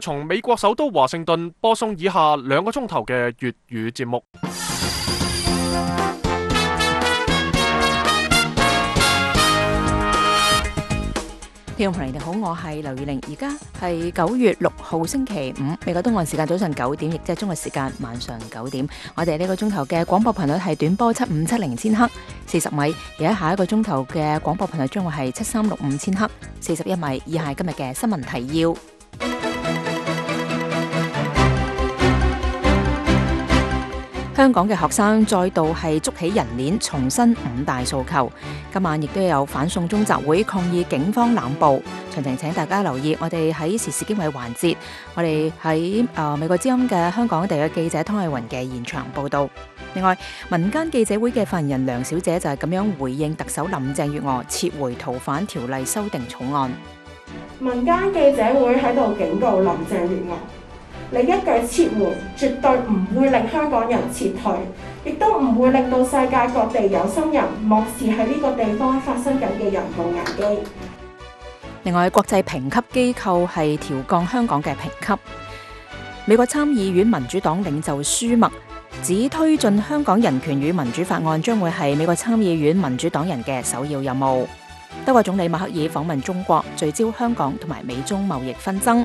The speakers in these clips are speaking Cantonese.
從美國首都華盛頓播送以下兩個鐘頭嘅粵語節目。聽眾朋友，你好，我係劉宇寧，而家係九月六號星期五，美國東岸時間早上九點，亦即係中國時間晚上九點。我哋呢個鐘頭嘅廣播頻率係短波七五七零千赫四十米，而喺下一個鐘頭嘅廣播頻率將會係七三六五千赫四十一米。以下係今日嘅新聞提要。香港嘅學生再度係捉起人鏈，重申五大訴求。今晚亦都有反送中集會抗議警方濫捕，詳情請大家留意我哋喺時事經緯環節，我哋喺啊美國之音嘅香港地嘅記者湯藝雲嘅現場報導。另外，民間記者會嘅犯人梁小姐就係咁樣回應特首林鄭月娥撤回逃犯條例修訂草案。民間記者會喺度警告林鄭月娥。你一句撤回，絕對唔會令香港人撤退，亦都唔會令到世界各地有心人漠視喺呢個地方發生緊嘅人道危機。另外，國際評級機構係調降香港嘅評級，美國參議院民主黨領袖舒默指，推進香港人權與民主法案將會係美國參議院民主黨人嘅首要任務，德國總理默克爾訪問中國聚焦香港同埋美中貿易紛爭。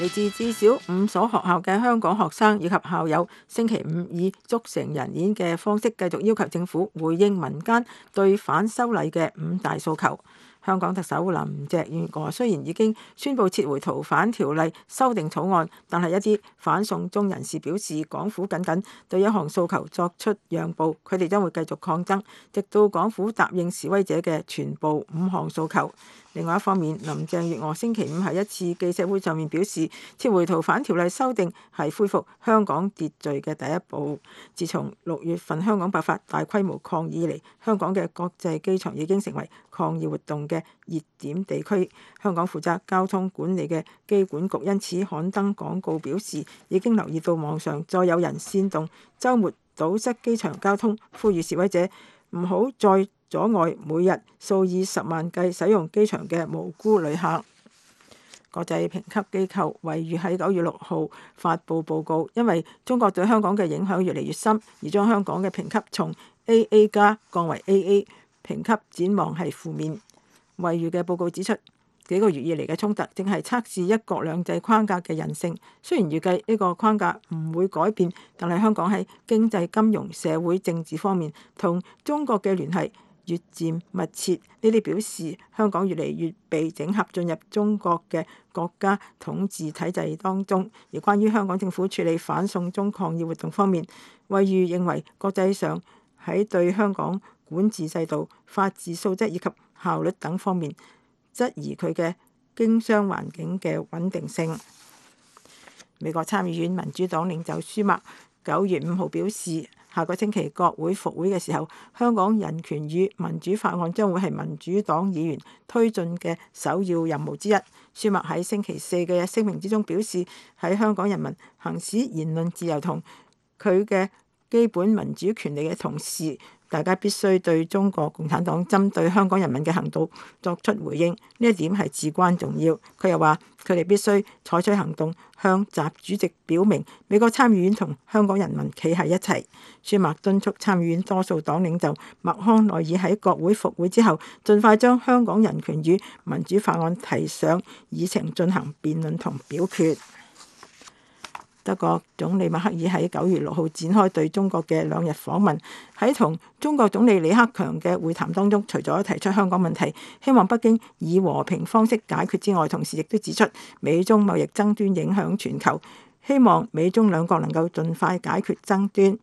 嚟自至少五所學校嘅香港學生以及校友，星期五以築成人演嘅方式，繼續要求政府回應民間對反修例嘅五大訴求。香港特首林鄭月娥雖然已經宣布撤回逃犯條例修訂草案，但係一啲反送中人士表示，港府僅僅對一項訴求作出讓步，佢哋將會繼續抗爭，直到港府答應示威者嘅全部五項訴求。另外一方面，林鄭月娥星期五喺一次記者會上面表示。撤回逃犯條例修訂，係恢復香港秩序嘅第一步。自從六月份香港爆發大規模抗議以嚟，香港嘅國際機場已經成為抗議活動嘅熱點地區。香港負責交通管理嘅機管局因此刊登廣告表示，已經留意到網上再有人煽動周末堵塞機場交通，呼籲示威者唔好再阻礙每日數以十萬計使用機場嘅無辜旅客。國際評級機構惠譽喺九月六號發布報告，因為中國對香港嘅影響越嚟越深，而將香港嘅評級從 AA 加降為 AA，評級展望係負面。惠譽嘅報告指出，幾個月以嚟嘅衝突正係測試一國兩制框架嘅韌性。雖然預計呢個框架唔會改變，但係香港喺經濟、金融、社會、政治方面同中國嘅聯繫越漸密切，呢啲表示香港越嚟越被整合進入中國嘅國家統治體制當中。而關於香港政府處理反送中抗議活動方面，惠譽認為國際上喺對香港管治制度、法治素質以及效率等方面，質疑佢嘅經商環境嘅穩定性。美國參議院民主黨領袖舒默九月五號表示。下個星期國會復會嘅時候，香港人權與民主法案將會係民主黨議員推進嘅首要任務之一。舒默喺星期四嘅聲明之中表示，喺香港人民行使言論自由同佢嘅。基本民主權利嘅同時，大家必須對中國共產黨針對香港人民嘅行動作出回應，呢一點係至關重要。佢又話，佢哋必須採取行動向習主席表明，美國參議院同香港人民企喺一齊，說麥敦促參議院多數黨領袖麥康奈爾喺國會復會之後，盡快將香港人權與民主法案提上議程進行辯論同表決。德國總理默克爾喺九月六號展開對中國嘅兩日訪問，喺同中國總理李克強嘅會談當中，除咗提出香港問題，希望北京以和平方式解決之外，同時亦都指出美中貿易爭端影響全球，希望美中兩國能夠盡快解決爭端。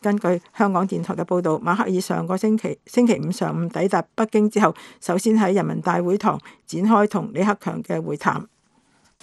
根據香港電台嘅報導，默克爾上個星期星期五上午抵達北京之後，首先喺人民大會堂展開同李克強嘅會談。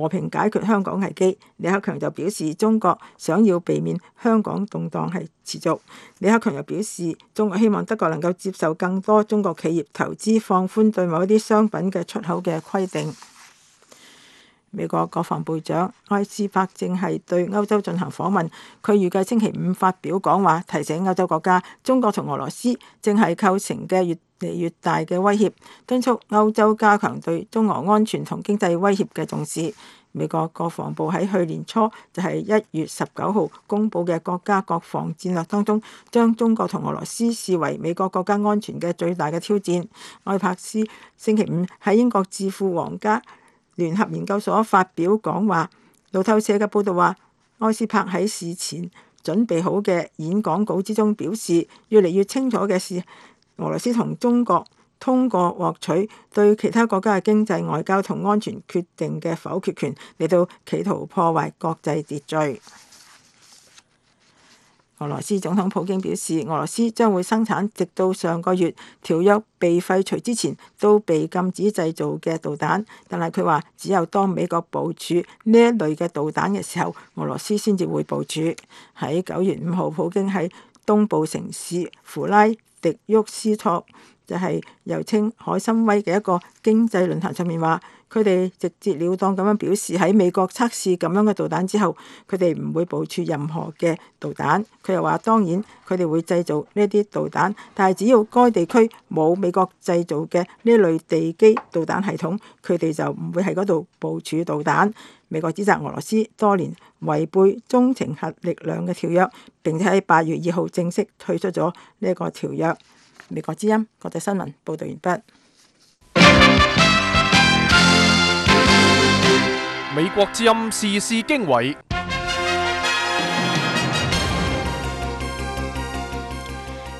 和平解決香港危機，李克強就表示中國想要避免香港動盪係持續。李克強又表示中國希望德國能夠接受更多中國企業投資，放寬對某一啲商品嘅出口嘅規定。美國國防部長埃斯珀正係對歐洲進行訪問，佢預計星期五發表講話，提醒歐洲國家中國同俄羅斯正係構成嘅越嚟越大嘅威脅，敦促歐洲加強對中俄安全同經濟威脅嘅重視。美國國防部喺去年初就係一月十九號公佈嘅國家國防戰略當中，將中國同俄羅斯視為美國國家安全嘅最大嘅挑戰。埃斯珀星期五喺英國智庫皇家聯合研究所發表講話，路透社嘅報導話，愛斯帕喺事前準備好嘅演講稿之中表示，越嚟越清楚嘅係，俄羅斯同中國通過獲取對其他國家嘅經濟、外交同安全決定嘅否決權，嚟到企圖破壞國際秩序。俄羅斯總統普京表示，俄羅斯將會生產直到上個月條約被廢除之前都被禁止製造嘅導彈，但係佢話只有當美國部署呢一類嘅導彈嘅時候，俄羅斯先至會部署。喺九月五號，普京喺東部城市符拉迪沃斯托，就係又稱海參崴嘅一個經濟論壇上面話，佢哋直截了當咁樣表示喺美國測試咁樣嘅導彈之後，佢哋唔會部署任何嘅導彈。佢又話，當然佢哋會製造呢啲導彈，但係只要該地區冇美國製造嘅呢類地基導彈系統，佢哋就唔會喺嗰度部署導彈。美國指責俄羅斯多年違背中程核力量嘅條約，並且喺八月二號正式退出咗呢一個條約。美國之音國際新聞報道完畢。美國之音時事經緯，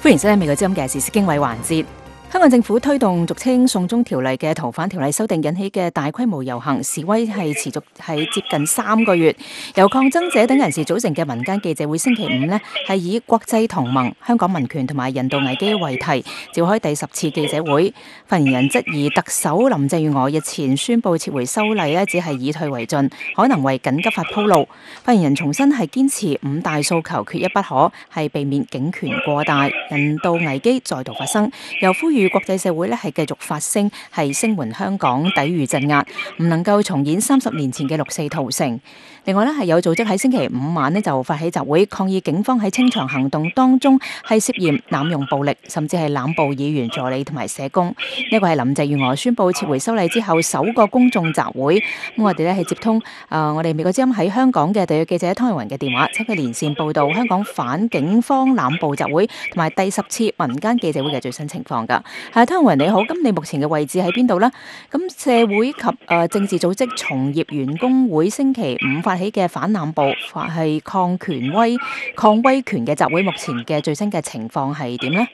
歡迎收聽美國之音嘅時事經緯環節。香港政府推動俗稱《送中條例》嘅逃犯條例修訂引起嘅大規模遊行示威係持續係接近三個月，由抗爭者等人士組成嘅民間記者會星期五呢，係以國際同盟、香港民權同埋人道危機為題，召開第十次記者會。發言人質疑特首林鄭月娥日前宣布撤回修例咧，只係以退為進，可能為緊急法鋪路。發言人重申係堅持五大訴求缺一不可，係避免警權過大、人道危機再度發生，又呼籲，與國際社會咧係繼續發聲，係聲援香港，抵禦鎮壓，唔能夠重演三十年前嘅六四屠城。另外咧，係有組織喺星期五晚咧就發起集會抗議警方喺清場行動當中係涉嫌濫用暴力，甚至係濫捕議員助理同埋社工。呢個係林鄭月娥宣布撤回修例之後首個公眾集會。咁我哋咧係接通啊、呃，我哋美國之音喺香港嘅特約記者湯惠芸嘅電話，請佢連線報道香港反警方濫捕集會同埋第十次民間記者會嘅最新情況㗎。係、啊、湯惠芸你好，咁你目前嘅位置喺邊度呢？咁社會及啊、呃、政治組織從業員工會星期五發發起嘅反濫捕、係抗權威、抗威權嘅集會，目前嘅最新嘅情況係點呢？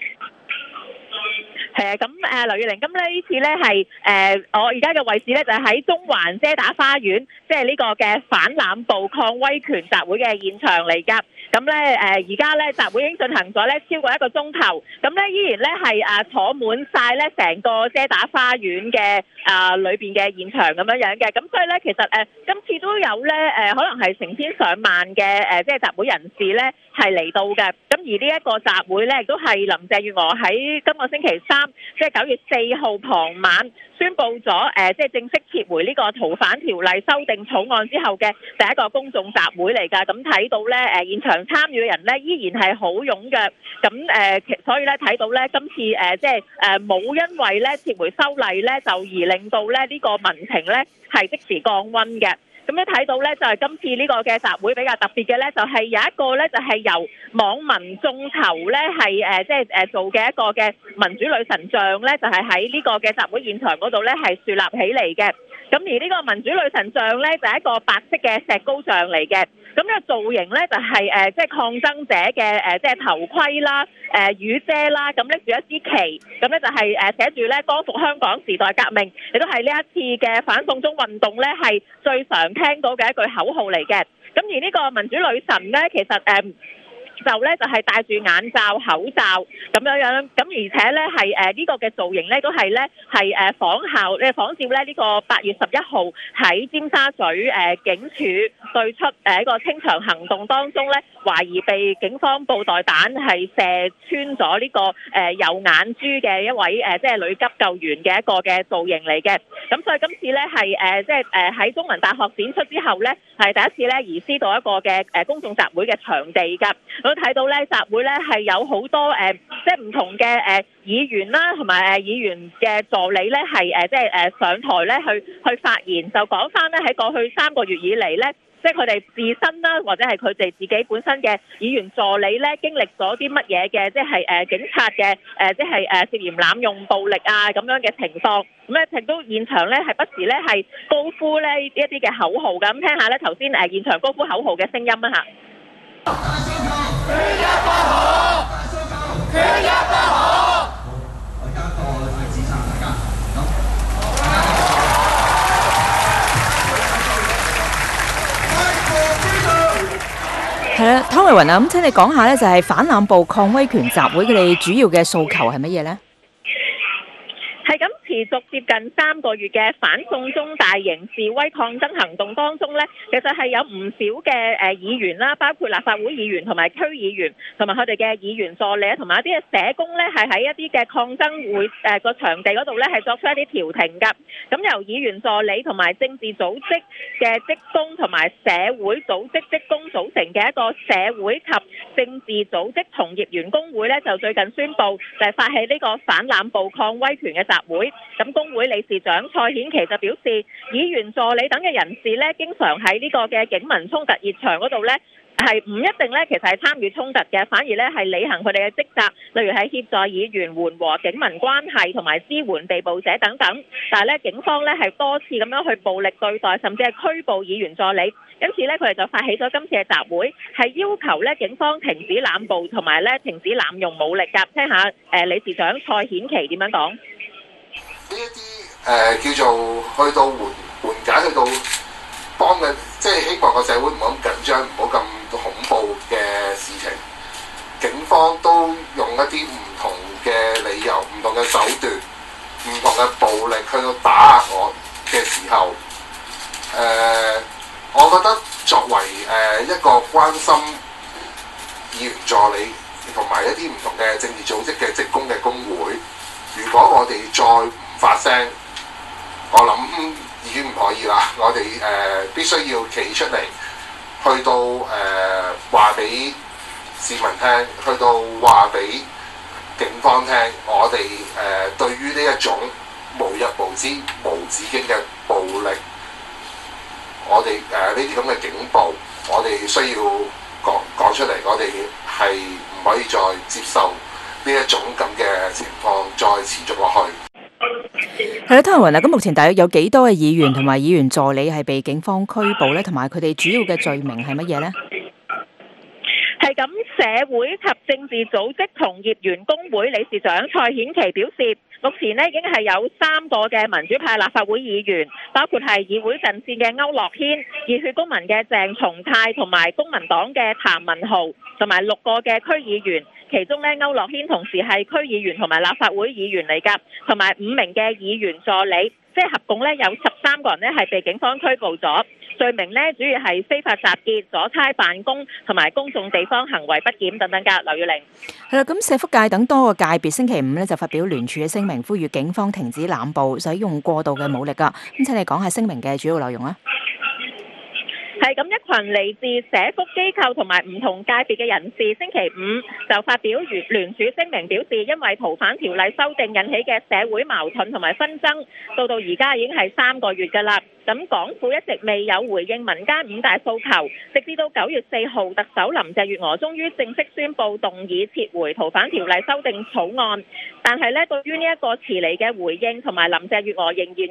誒，咁誒，劉月玲，咁呢次呢係誒、呃，我而家嘅位置呢，就喺、是、中環遮打花園，即係呢個嘅反濫捕抗威權集會嘅現場嚟噶。咁咧，誒而家咧集會已經進行咗咧超過一個鐘頭，咁咧依然咧係啊坐滿晒咧成個遮打花園嘅啊裏邊嘅現場咁樣樣嘅，咁所以咧其實誒、呃、今次都有咧誒、呃、可能係成千上萬嘅誒即係集會人士咧係嚟到嘅。而呢一個集會咧，亦都係林鄭月娥喺今個星期三，即係九月四號傍晚，宣布咗誒，即、呃、係、就是、正式撤回呢個逃犯條例修訂草案之後嘅第一個公眾集會嚟㗎。咁、嗯、睇到咧，誒、呃、現場參與嘅人咧，依然係好踴躍。咁、嗯、誒，其、呃、所以咧睇到咧，今次誒，即係誒冇因為咧撤回修例咧，就而令到咧呢、這個民情咧係即時降溫嘅。咁咧睇到咧，就係今次呢個嘅集會比較特別嘅咧，就係有一個咧，就係由網民眾籌咧，係誒即係誒做嘅一個嘅民主女神像咧，就係喺呢個嘅集會現場嗰度咧，係樹立起嚟嘅。咁而呢個民主女神像咧，就係、是、一個白色嘅石膏像嚟嘅。咁、這、咧、個、造型咧就係、是、誒，即、呃、係、就是、抗爭者嘅誒，即係頭盔啦、誒、呃、雨遮啦。咁拎住一支旗，咁、嗯、咧就係誒寫住咧，光復香港時代革命，亦都係呢一次嘅反送中運動咧，係最常聽到嘅一句口號嚟嘅。咁而呢個民主女神咧，其實誒。呃就咧就係、係、戴住眼罩、口罩咁樣樣，咁而且咧係誒呢、呃呢個嘅造型咧都係咧係誒仿效咧、呃、仿照咧呢、呢個八月十一號喺尖沙咀誒、呃、警署對出誒一個清場行動當中咧。懷疑被警方布袋彈係射穿咗呢個誒右眼珠嘅一位誒即係女急救員嘅一個嘅造型嚟嘅。咁所以今次咧係誒即係誒喺中文大學展出之後咧，係第一次咧移師到一個嘅誒公眾集會嘅場地㗎。我睇到咧集會咧係有好多誒即係唔同嘅誒議員啦，同埋誒議員嘅助理咧係誒即係誒上台咧去去發言，就講返咧喺過去三個月以嚟咧。即係佢哋自身啦，或者係佢哋自己本身嘅議員助理咧，經歷咗啲乜嘢嘅？即係誒警察嘅誒，即係誒涉嫌濫用暴力啊咁樣嘅情況。咁咧亦都現場咧係不時咧係高呼咧一啲嘅口號㗎。咁聽下咧頭先誒現場高呼口號嘅聲音啦吓！係啦，湯慧雲啊，咁請你講下咧，就係反濫捕抗威權集會佢哋主要嘅訴求係乜嘢咧？係咁。持續接近三個月嘅反送中大型示威抗爭行動當中呢其實係有唔少嘅誒議員啦，包括立法會議員同埋區議員，同埋佢哋嘅議員助理，同埋一啲嘅社工呢，係喺一啲嘅抗爭會誒個、呃、場地嗰度呢係作出一啲調停㗎。咁由議員助理同埋政治組織嘅職工同埋社會組織職工組成嘅一個社會及政治組織從業員工會呢，就最近宣布就係、是、發起呢個反濫暴抗威權嘅集會。咁，工會理事長蔡顯琪就表示，議員助理等嘅人士咧，經常喺呢個嘅警民衝突熱場嗰度呢，係唔一定呢，其實係參與衝突嘅，反而呢係履行佢哋嘅職責，例如係協助議員緩和警民關係同埋支援被捕者等等。但係呢，警方呢係多次咁樣去暴力對待，甚至係拘捕議員助理，因此呢，佢哋就發起咗今次嘅集會，係要求呢警方停止濫捕同埋呢停止濫用武力㗎。聽下誒、呃、理事長蔡顯琪點樣講。呢一啲誒叫做去到緩緩解，去到幫緊，即係希望個社會唔好咁緊張，唔好咁恐怖嘅事情，警方都用一啲唔同嘅理由、唔同嘅手段、唔同嘅暴力去到打壓我嘅時候，誒、呃，我覺得作為誒、呃、一個關心議員助理，同埋一啲唔同嘅政治組織嘅職工嘅工會，如果我哋再發聲，我諗已經唔可以啦，我哋誒、呃、必須要企出嚟，去到誒、呃、話俾市民聽，去到話俾警方聽。我哋誒、呃、對於呢一種無日無之、無止境嘅暴力，我哋誒呢啲咁嘅警暴，我哋需要講講出嚟，我哋係唔可以再接受呢一種咁嘅情況再持續落去。係啦，湯文啊，咁目前大約有幾多嘅議員同埋議員助理係被警方拘捕呢？同埋佢哋主要嘅罪名係乜嘢呢？係咁，社會及政治組織同業員工會理事長蔡顯琪表示，目前呢已經係有三個嘅民主派立法會議員，包括係議會陣線嘅歐樂軒、熱血公民嘅鄭松泰，同埋公民黨嘅譚文豪，同埋六個嘅區議員。其中咧，歐樂軒同時係區議員同埋立法會議員嚟噶同埋五名嘅議員助理，即係合共咧，有十三個人咧係被警方拘捕咗，罪名咧主要係非法集結、阻差辦公同埋公眾地方行為不檢等等噶。劉玉玲係啦，咁、嗯、社福界等多個界別星期五咧就發表聯署嘅聲明，呼籲警方停止濫捕，使用過度嘅武力噶。咁請你講下聲明嘅主要內容啊。係咁，一群嚟自社福機構同埋唔同界別嘅人士，星期五就發表聯署聲明，表示因為逃犯條例修訂引起嘅社會矛盾同埋紛爭，到到而家已經係三個月㗎啦。咁港府一直未有回應民間五大訴求，直至到九月四號，特首林鄭月娥終於正式宣布動議撤回逃犯條例修訂草案。但係呢，對於呢一個遲嚟嘅回應，同埋林鄭月娥仍然拒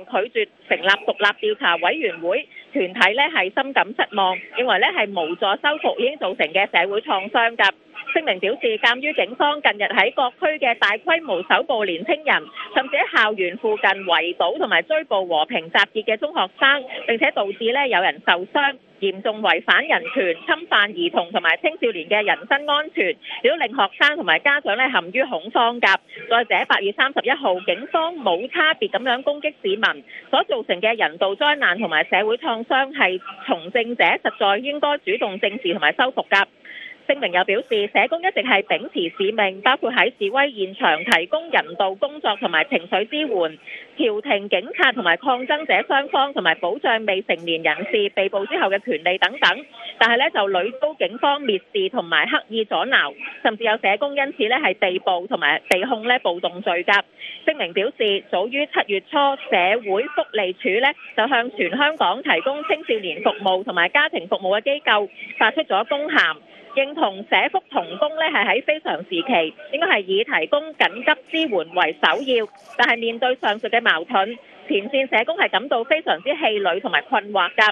絕成立獨立調查委員會，團體呢係深感失望，認為咧係無助修復已經造成嘅社會創傷㗎。聲明表示，鑑於警方近日喺各區嘅大規模搜捕年輕人，甚至喺校園附近圍堵同埋追捕和平集結嘅中學生，並且導致呢有人受傷。嚴重違反人權、侵犯兒童同埋青少年嘅人身安全，亦都令學生同埋家長咧陷於恐慌㗎。再者，八月三十一號，警方冇差別咁樣攻擊市民，所造成嘅人道災難同埋社會創傷，係從政者實在應該主動正視同埋修復㗎。聲明又表示，社工一直係秉持使命，包括喺示威現場提供人道工作同埋情緒支援、調停警察同埋抗爭者雙方，同埋保障未成年人士被捕之後嘅權利等等。但係咧，就屢遭警方蔑視同埋刻意阻撓，甚至有社工因此咧係被捕同埋被控咧暴動罪嘅。聲明表示，早於七月初，社會福利署呢就向全香港提供青少年服務同埋家庭服務嘅機構發出咗公函。認同社福同工咧係喺非常時期，應該係以提供緊急支援為首要。但係面對上述嘅矛盾，前線社工係感到非常之氣餒同埋困惑㗎。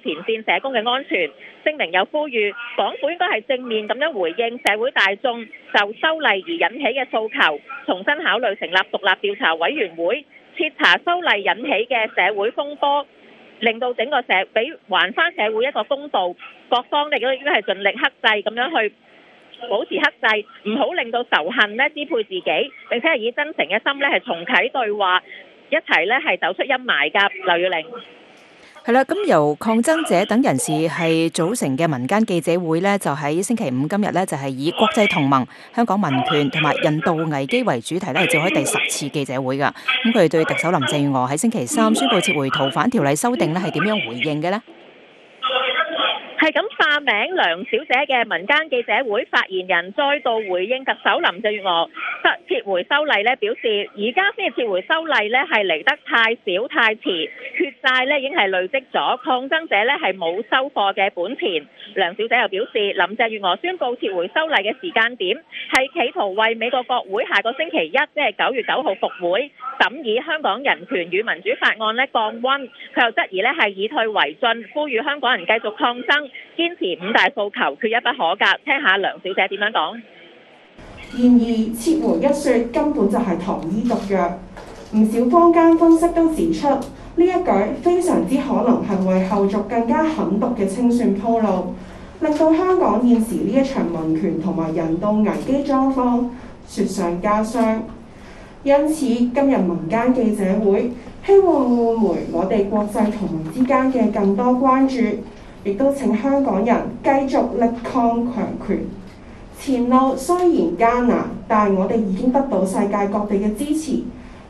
前線社工嘅安全，聲明又呼籲港府應該係正面咁樣回應社會大眾就修例而引起嘅訴求，重新考慮成立獨立調查委員會，徹查修例引起嘅社會風波，令到整個社俾還翻社會一個公道。各方亦都應該係盡力克制咁樣去保持克制，唔好令到仇恨呢支配自己，並且係以真誠嘅心呢係重啟對話，一齊呢係走出陰霾㗎。劉玉玲。係啦，咁、嗯、由抗爭者等人士係組成嘅民間記者會呢，就喺星期五今日呢，就係、是、以國際同盟、香港民權同埋人道危機為主題呢，係召開第十次記者會噶。咁佢哋對特首林鄭月娥喺星期三宣布撤回逃犯條例修訂呢係點樣回應嘅呢？係咁，化名梁小姐嘅民間記者會發言人再度回應特首林鄭月娥撤撤回修例咧，表示而家先撤回修例咧係嚟得太少太遲，血債咧已經係累積咗，抗爭者咧係冇收貨嘅本錢。梁小姐又表示，林鄭月娥宣布撤回修例嘅時間點係企圖為美國國會下個星期一即係九月九號復會審議香港人權與民主法案呢降溫。佢又質疑呢係以退為進，呼籲香港人繼續抗爭。堅持五大訴求，缺一不可。格，聽下梁小姐點樣講。然而，撤回一說根本就係糖衣毒藥。唔少坊間分析都指出，呢一舉非常之可能係為後續更加狠毒嘅清算鋪路，令到香港現時呢一場民權同埋人道危機狀況雪上加霜。因此，今日民間記者會希望換回我哋國際同盟之間嘅更多關注。亦都請香港人繼續力抗強權。前路雖然艱難，但係我哋已經得到世界各地嘅支持。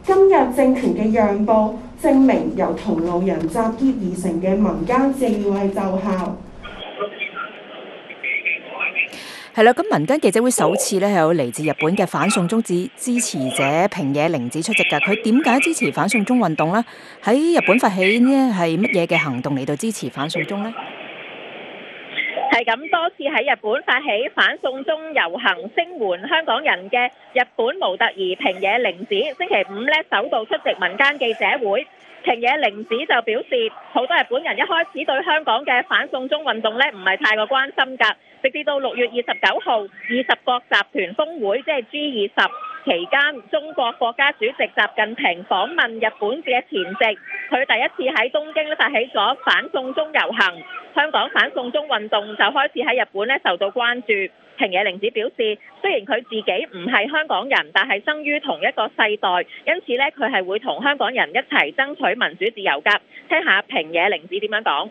今日政權嘅讓步，證明由同路人集結而成嘅民間智慧奏效。係啦、嗯，咁、嗯嗯啊、民間記者會首次咧係有嚟自日本嘅反送中支持者平野玲子出席㗎。佢點解支持反送中運動呢？喺日本發起呢係乜嘢嘅行動嚟到支持反送中呢？係咁多次喺日本發起反送中遊行，聲援香港人嘅日本模特兒平野玲子，星期五呢首度出席民間記者會。平野玲子就表示，好多日本人一開始對香港嘅反送中運動呢唔係太過關心㗎，直至到六月二十九號二十國集團峰會，即係 G 二十。期間，中國國家主席習近平訪問日本嘅前夕，佢第一次喺東京咧發起咗反送中遊行。香港反送中運動就開始喺日本呢受到關注。平野玲子表示，雖然佢自己唔係香港人，但係生於同一個世代，因此呢，佢係會同香港人一齊爭取民主自由噶。聽下平野玲子點樣講。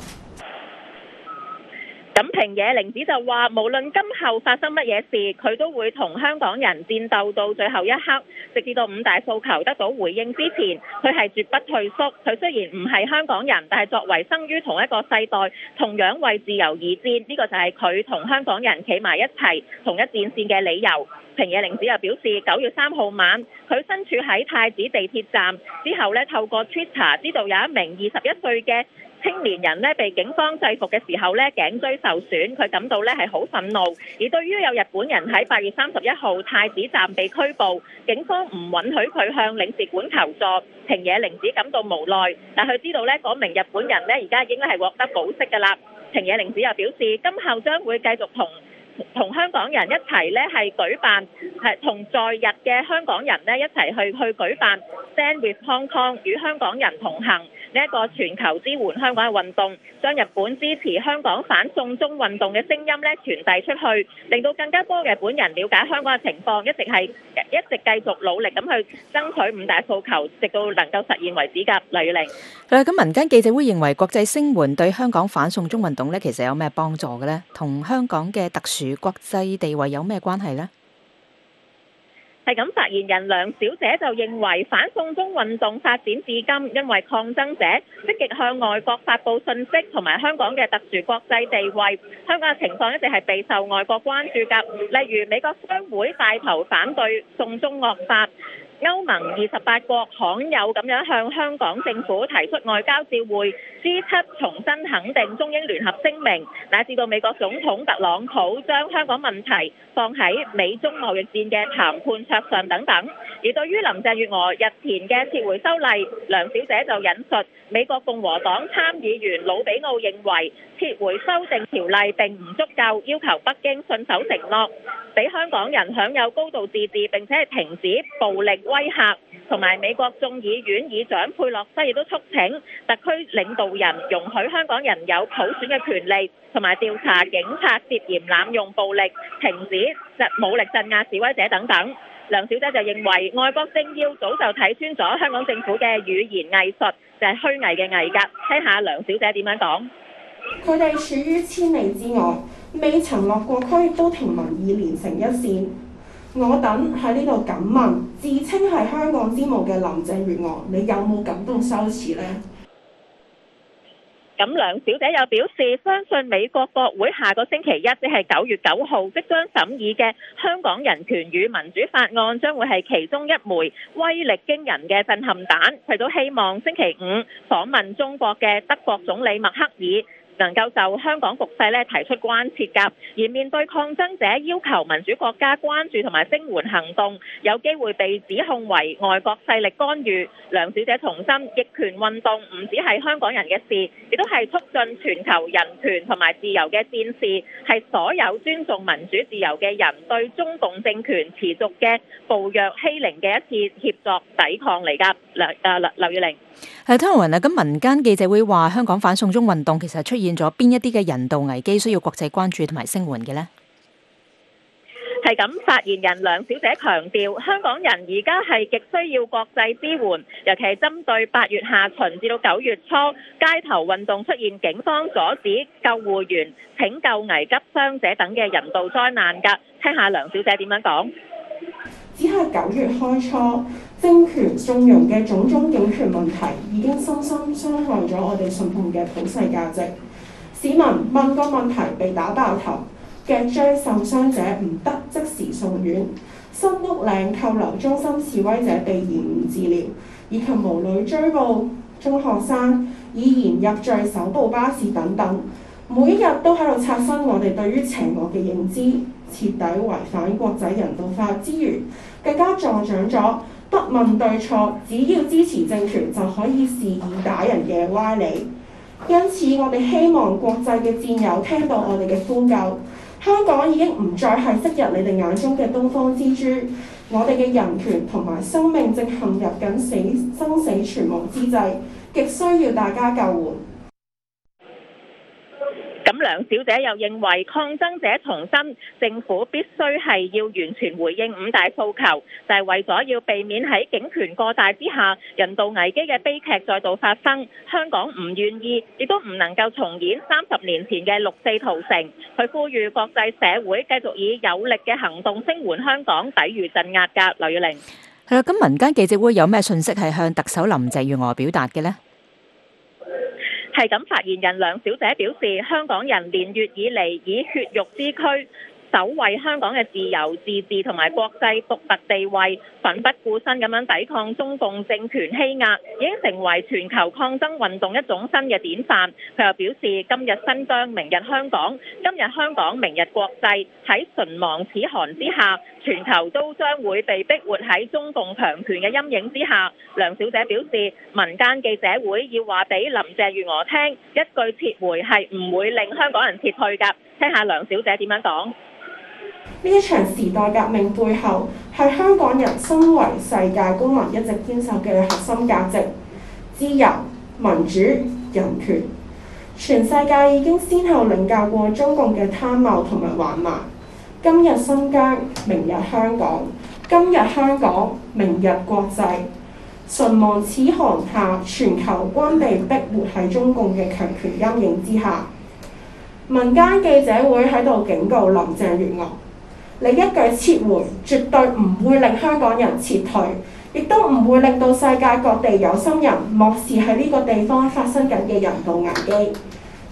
咁平野玲子就話：無論今後發生乜嘢事，佢都會同香港人戰鬥到最後一刻，直至到五大訴求得到回應之前，佢係絕不退縮。佢雖然唔係香港人，但係作為生於同一個世代，同樣為自由而戰，呢個就係佢同香港人企埋一齊同一戰線嘅理由。平野玲子又表示，九月三號晚，佢身處喺太子地鐵站，之後呢，透過 Twitter 知道有一名二十一歲嘅青年人咧被警方制服嘅時候咧，頸椎受損，佢感到咧係好憤怒。而對於有日本人喺八月三十一號太子站被拘捕，警方唔允許佢向領事館求助，程野玲子感到無奈。但佢知道咧，嗰名日本人咧而家應該係獲得保釋㗎啦。程野玲子又表示，今後將會繼續同同香港人一齊咧係舉辦係同在日嘅香港人咧一齊去去舉辦 Stand with Hong Kong，與香港人同行。呢一個全球支援香港嘅運動，將日本支持香港反送中運動嘅聲音咧傳遞出去，令到更加多嘅日本人了解香港嘅情況，一直係一直繼續努力咁去爭取五大訴求，直到能夠實現為止㗎。李玲，誒、嗯，咁民間記者會認為國際聲援對香港反送中運動咧，其實有咩幫助嘅咧？同香港嘅特殊國際地位有咩關係咧？係咁，發言人梁小姐就認為，反送中運動發展至今，因為抗爭者積極向外國發布信息，同埋香港嘅特殊國際地位，香港嘅情況一直係備受外國關注㗎。例如美國商會帶頭反對送中惡法。 歐盟二十八國罕有咁樣向香港政府提出外交照會，支持重新肯定中英聯合聲明，乃至到美國總統特朗普將香港問題放喺美中貿易戰嘅談判桌上等等。而對於林鄭月娥日前嘅撤回修例，梁小姐就引述美國共和黨參議員魯比奧認為，撤回修訂條例並唔足夠，要求北京信守承諾，俾香港人享有高度自治，並且係停止暴力。威嚇，同埋美國眾議院議長佩洛西亦都促請特區領導人容許香港人有普選嘅權利，同埋調查警察涉嫌濫用暴力、停止實武力鎮壓示威者等等。梁小姐就認為，外國政要早就睇穿咗香港政府嘅語言藝術就係、是、虛偽嘅偽格，聽下梁小姐點樣講。佢哋處於千里之外，未曾落過區，都同民意連成一線。我等喺呢度敢問，自稱係香港之母嘅林鄭月娥，你有冇感到羞恥呢？咁梁小姐又表示，相信美國國會下個星期一即係九月九號，即將審議嘅《香港人權與民主法案》，將會係其中一枚威力驚人嘅震撼彈。佢都希望星期五訪問中國嘅德國總理默克爾。能夠就香港局勢咧提出關切㗎，而面對抗爭者要求民主國家關注同埋聲援行動，有機會被指控為外國勢力干預。梁小姐重申，逆權運動唔只係香港人嘅事，亦都係促進全球人權同埋自由嘅戰士，係所有尊重民主自由嘅人對中共政權持續嘅暴虐欺凌嘅一次協作抵抗嚟㗎。梁啊，劉劉月玲，係聽聞啊，咁民間記者會話香港反送中運動其實出現咗邊一啲嘅人道危機需要國際關注同埋聲援嘅呢？係咁，發言人梁小姐強調，香港人而家係極需要國際支援，尤其針對八月下旬至到九月初街頭運動出現警方阻止救護員拯救危急傷者等嘅人道災難噶。聽下梁小姐點樣講？只係九月開初，政權縱容嘅種種有權問題，已經深深傷害咗我哋信奉嘅普世價值。市民問個問題被打爆頭，頸椎受傷者唔得即時送院；新屋嶺扣留中心示威者被延誤治療，以及無女追捕中學生，以延入罪首部巴士等等，每一日都喺度刷新我哋對於邪惡嘅認知，徹底違反國際人道法之餘，更加助長咗不問對錯，只要支持政權就可以肆意打人嘅歪理。因此，我哋希望國際嘅戰友聽到我哋嘅呼救。香港已經唔再係昔日你哋眼中嘅東方之珠，我哋嘅人權同埋生命正陷入緊生死存亡之際，極需要大家救援。咁梁小姐又認為抗爭者重申政府必須係要完全回應五大訴求，就係為咗要避免喺警權過大之下人道危機嘅悲劇再度發生。香港唔願意，亦都唔能夠重演三十年前嘅六四屠城。去呼籲國際社會繼續以有力嘅行動聲援香港，抵禦鎮壓格，劉玉玲係啦，咁民間記者會有咩信息係向特首林鄭月娥表達嘅呢？係咁，發言人梁小姐表示，香港人連月以嚟以血肉之軀守衞香港嘅自由自治同埋國際獨特地位。奮不顧身咁樣抵抗中共政權欺壓，已經成為全球抗爭運動一種新嘅典範。佢又表示：今日新疆，明日香港；今日香港，明日國際。喺唇亡齒寒之下，全球都將會被逼活喺中共強權嘅陰影之下。梁小姐表示：民間記者會要話俾林鄭月娥聽，一句撤回係唔會令香港人撤退㗎。聽下梁小姐點樣講。呢一場時代革命背後係香港人身為世界公民一直堅守嘅核心價值：自由、民主、人權。全世界已經先後領教過中共嘅貪汙同埋橫蠻。今日新疆，明日香港，今日香港，明日國際。唇亡齒寒下，全球均被逼活喺中共嘅強權陰影之下。民間記者會喺度警告林鄭月娥。另一句撤回，絕對唔會令香港人撤退，亦都唔會令到世界各地有心人漠視喺呢個地方發生緊嘅人道危機，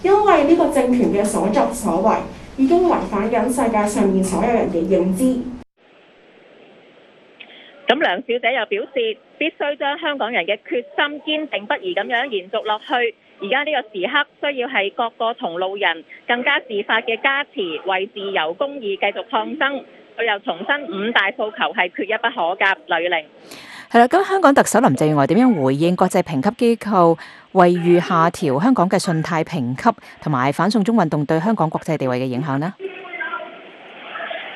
因為呢個政權嘅所作所為已經違反緊世界上面所有人嘅認知。咁梁小姐又表示，必須將香港人嘅決心堅定不移咁樣延續落去。而家呢個時刻需要係各個同路人更加自發嘅加持，為自由公義繼續抗爭。佢又重申五大訴求係缺一不可，甲女令係啦。咁香港特首林鄭月娥點樣回應國際評級機構惠譽下調香港嘅信貸評級，同埋反送中運動對香港國際地位嘅影響呢？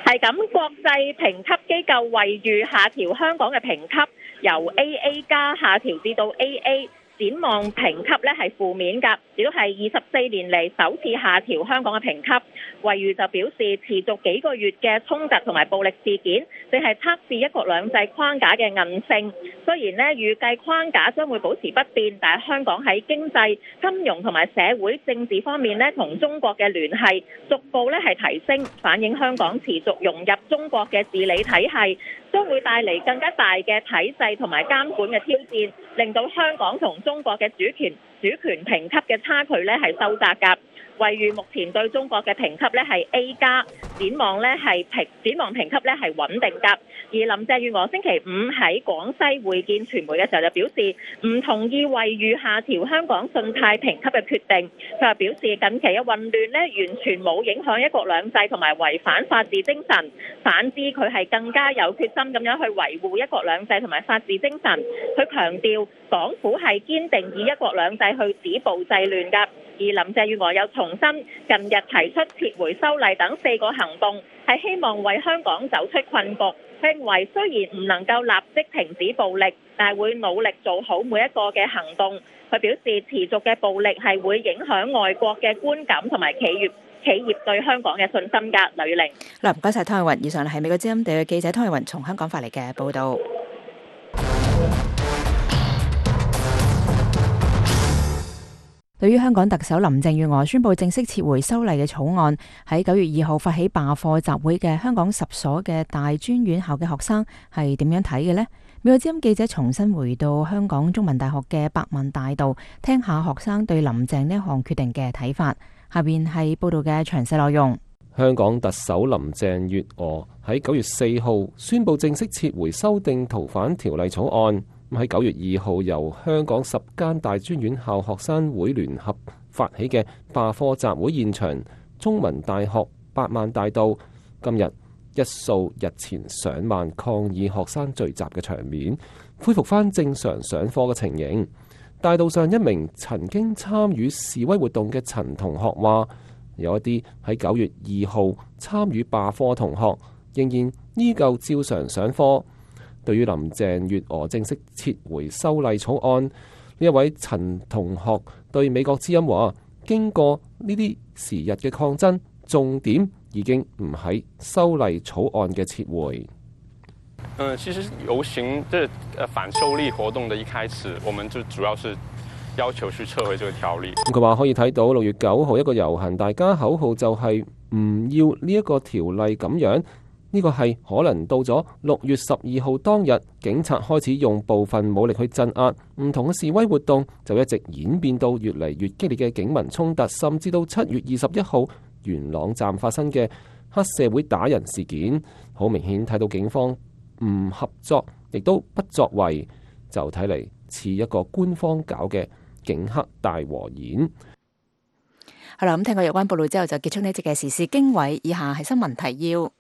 係咁，國際評級機構惠譽下調香港嘅評級，由 AA 加下調至到 AA。展望評級咧係負面㗎，亦都係二十四年嚟首次下調香港嘅評級。惠譽就表示，持續幾個月嘅衝突同埋暴力事件，正係測試一國兩制框架嘅韌性。雖然呢預計框架將會保持不變，但係香港喺經濟、金融同埋社會政治方面呢，同中國嘅聯繫逐步咧係提升，反映香港持續融入中國嘅治理體系。都會帶嚟更加大嘅體制同埋監管嘅挑戰，令到香港同中國嘅主權主權評級嘅差距呢係收窄㗎。惠譽目前對中國嘅評級呢係 A 加，展望呢係評，展望評級呢係穩定㗎。而林鄭月娥星期五喺廣西會見傳媒嘅時候就表示，唔同意惠譽下調香港信貸評級嘅決定。佢表示近期嘅混亂咧，完全冇影響一國兩制同埋違反法治精神。反之，佢係更加有決心咁樣去維護一國兩制同埋法治精神。佢強調港府係堅定以一國兩制去止暴制亂㗎。而林鄭月娥又重申，近日提出撤回修例等四個行動。係希望為香港走出困局，佢認為雖然唔能夠立即停止暴力，但係會努力做好每一個嘅行動。佢表示持續嘅暴力係會影響外國嘅觀感同埋企業、企業對香港嘅信心㗎。劉月玲，嗱唔該晒。湯惠芸，以上係美國《之音地》嘅記者湯惠芸從香港發嚟嘅報道。對於香港特首林鄭月娥宣布正式撤回修例嘅草案，喺九月二號發起罷課集會嘅香港十所嘅大專院校嘅學生係點樣睇嘅呢？美國之音記者重新回到香港中文大學嘅百萬大道，聽下學生對林鄭呢一項決定嘅睇法。下邊係報道嘅詳細內容。香港特首林鄭月娥喺九月四號宣布正式撤回修訂逃犯條例草案。喺九月二號由香港十間大專院校學生會聯合發起嘅罷課集會現場，中文大學百萬大道今日一掃日前上萬抗議學生聚集嘅場面，恢復翻正常上課嘅情形。大道上一名曾經參與示威活動嘅陳同學話：，有一啲喺九月二號參與罷課嘅同學仍然依舊照常上課。對於林鄭月娥正式撤回修例草案，呢一位陳同學對美國之音話：，經過呢啲時日嘅抗爭，重點已經唔喺修例草案嘅撤回。嗯、呃，其實遊行即係、就是呃、反修例活動嘅一開始，我們就主要是要求去撤回呢個條例。佢話可以睇到六月九號一個遊行，大家口號就係唔要呢一個條例咁樣。呢個係可能到咗六月十二號當日，警察開始用部分武力去鎮壓唔同嘅示威活動，就一直演變到越嚟越激烈嘅警民衝突，甚至到七月二十一號元朗站發生嘅黑社會打人事件。好明顯睇到警方唔合作，亦都不作為，就睇嚟似一個官方搞嘅警黑大和演。係啦，咁聽過有關報道之後，就結束呢一節嘅時事經緯，以下係新聞提要。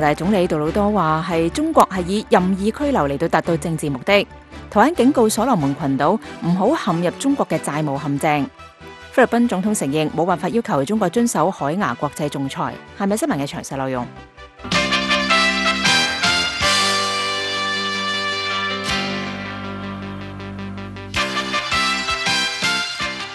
加拿大總理杜魯多話，係中國係以任意拘留嚟到達到政治目的。台灣警告所羅門群島唔好陷入中國嘅債務陷阱。菲律賓總統承認冇辦法要求中國遵守海牙國際仲裁。係咪新聞嘅詳細內容？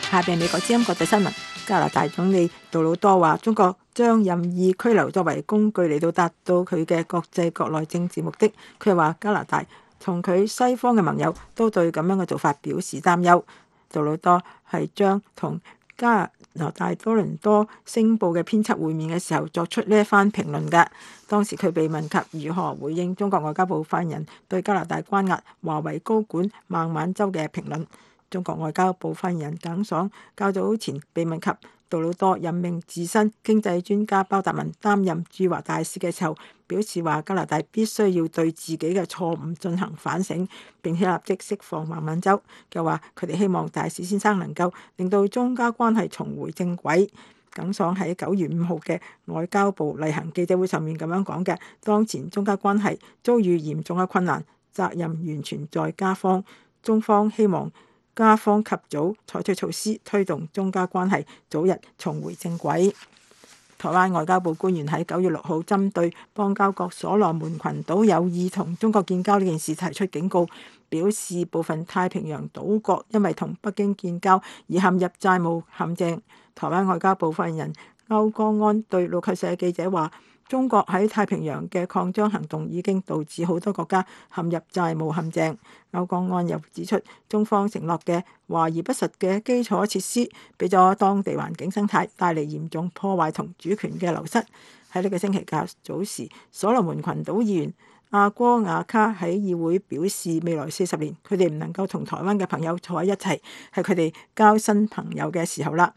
下面美國之音國際新聞，加拿大總理杜魯多話，中國，將任意拘留作為工具嚟到達到佢嘅國際國內政治目的。佢話加拿大同佢西方嘅盟友都對咁樣嘅做法表示擔憂。杜魯多係將同加拿大多倫多星報嘅編輯會面嘅時候作出呢一番評論嘅。當時佢被問及如何回應中國外交部發言人對加拿大關押華為高管孟晚舟嘅評論。中國外交部發言人耿爽較早前被問及。杜魯多任命自身經濟專家包達文擔任駐華大使嘅時候，表示話加拿大必須要對自己嘅錯誤進行反省，並且立即釋放孟晚舟。佢話，佢哋希望大使先生能夠令到中加關係重回正軌。耿爽喺九月五號嘅外交部例行記者會上面咁樣講嘅，當前中加關係遭遇嚴重嘅困難，責任完全在加方。中方希望。加方及早採取措施，推動中加關係早日重回正軌。台灣外交部官員喺九月六號針對邦交國所羅門群島有意同中國建交呢件事提出警告，表示部分太平洋島國因為同北京建交而陷入債務陷阱。台灣外交部發言人歐江安對路透社記者話。中國喺太平洋嘅擴張行動已經導致好多國家陷入債務陷阱。歐共案又指出，中方承諾嘅華而不實嘅基礎設施，俾咗當地環境生態帶嚟嚴重破壞同主權嘅流失。喺呢個星期較早時，所羅門群島議員阿哥亞卡喺議會表示，未來四十年佢哋唔能夠同台灣嘅朋友坐喺一齊，係佢哋交新朋友嘅時候啦。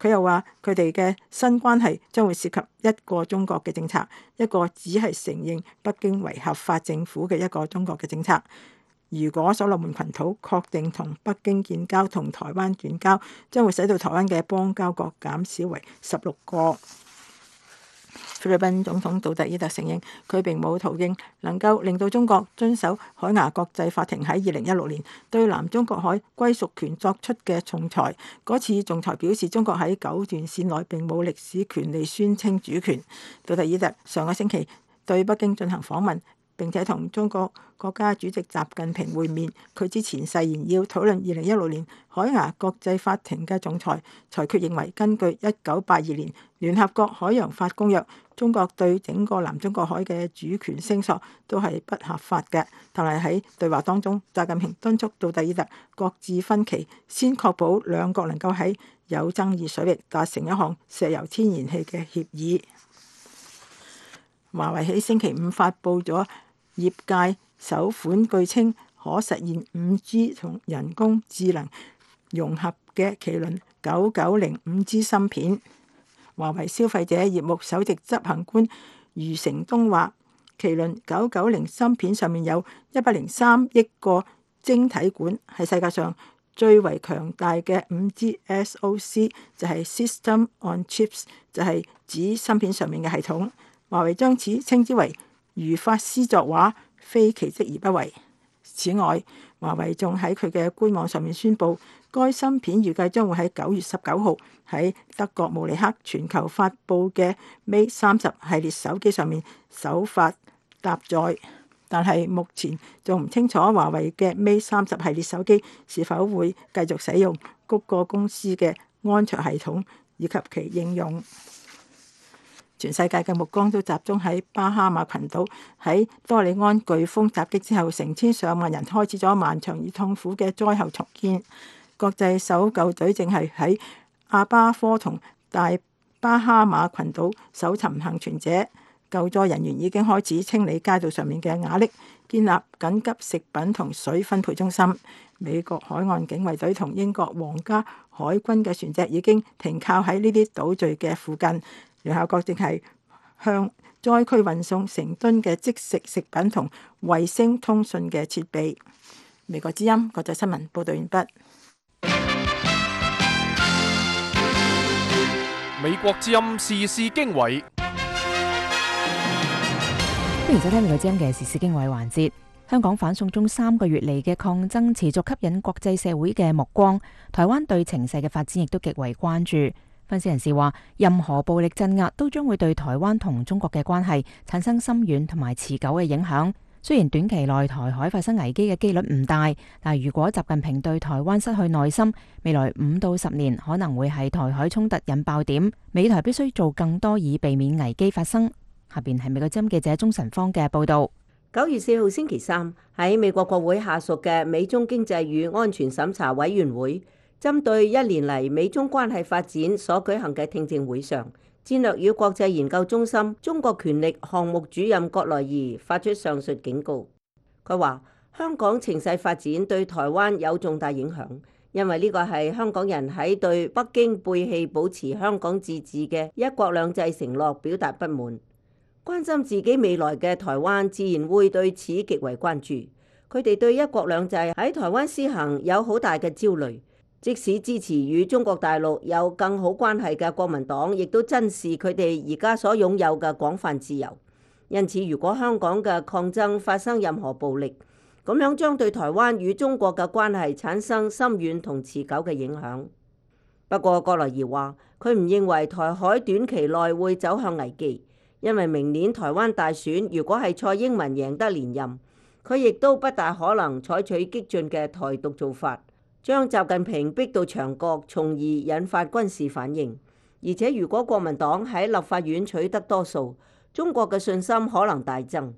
佢又話：佢哋嘅新關係將會涉及一個中國嘅政策，一個只係承認北京為合法政府嘅一個中國嘅政策。如果所羅門群島確定同北京建交，同台灣斷交，將會使到台灣嘅邦交國減少為十六個。菲律賓總統杜特爾特承認，佢並冇途徑能夠令到中國遵守海牙國際法庭喺二零一六年對南中國海歸屬權作出嘅仲裁。嗰次仲裁表示中國喺九段線內並冇歷史權利宣稱主權。杜特爾特上個星期對北京進行訪問。並且同中國國家主席習近平會面，佢之前誓言要討論二零一六年海牙國際法庭嘅仲裁裁決，認為根據一九八二年聯合國海洋法公約，中國對整個南中國海嘅主權聲索都係不合法嘅。同埋喺對話當中，習近平敦促杜第二日，杜特爾特各自分歧先確保兩國能夠喺有爭議水域達成一項石油天然氣嘅協議。華為喺星期五發佈咗。業界首款據稱可實現五 G 同人工智能融合嘅麒麟九九零五 G 芯片，華為消費者業務首席執行官余承東話：麒麟九九零芯片上面有一百零三億個晶體管，係世界上最為強大嘅五 G SoC，就係 System on Chips，就係指芯片上面嘅系統。華為將此稱之為。如法詩作畫，非其職而不為。此外，華為仲喺佢嘅官網上面宣布，該芯片預計將會喺九月十九號喺德國慕尼黑全球發布嘅 Mate 三十系列手機上面首發搭載。但係目前仲唔清楚華為嘅 Mate 三十系列手機是否會繼續使用谷歌公司嘅安卓系統以及其應用。全世界嘅目光都集中喺巴哈馬群島，喺多利安颶風襲擊之後，成千上萬人開始咗漫長而痛苦嘅災後重建。國際搜救隊正係喺阿巴科同大巴哈馬群島搜尋幸存者。救助人員已經開始清理街道上面嘅瓦礫，建立緊急食品同水分配中心。美國海岸警衛隊同英國皇家海軍嘅船隻已經停靠喺呢啲島嶼嘅附近。隨後決定係向災區運送成噸嘅即食食品同衛星通訊嘅設備。美國之音國際新聞報道完畢。美國之音時事經緯。歡迎收聽美國之音嘅時事經緯環節。香港反送中三個月嚟，嘅抗爭持續吸引國際社會嘅目光，台灣對情勢嘅發展亦都極為關注。分析人士話：任何暴力鎮壓都將會對台灣同中國嘅關係產生深遠同埋持久嘅影響。雖然短期內台海發生危機嘅機率唔大，但係如果習近平對台灣失去耐心，未來五到十年可能會係台海衝突引爆點。美台必須做更多以避免危機發生。下邊係美國針記者鍾辰芳嘅報導。九月四號星期三喺美國國會下屬嘅美中經濟與安全審查委員會。針對一年嚟美中關係發展所舉行嘅聽證會上，戰略與國際研究中心中國權力項目主任葛來儀發出上述警告。佢話：香港情勢發展對台灣有重大影響，因為呢個係香港人喺對北京背棄保持香港自治嘅一國兩制承諾表達不滿，關心自己未來嘅台灣自然會對此極為關注。佢哋對一國兩制喺台灣施行有好大嘅焦慮。即使支持與中國大陸有更好關係嘅國民黨，亦都珍視佢哋而家所擁有嘅廣泛自由。因此，如果香港嘅抗爭發生任何暴力，咁樣將對台灣與中國嘅關係產生深遠同持久嘅影響。不過，葛來儀話，佢唔認為台海短期內會走向危機，因為明年台灣大選如果係蔡英文贏得連任，佢亦都不大可能採取激進嘅台獨做法。將習近平逼到牆角，從而引發軍事反應。而且，如果國民黨喺立法院取得多數，中國嘅信心可能大增。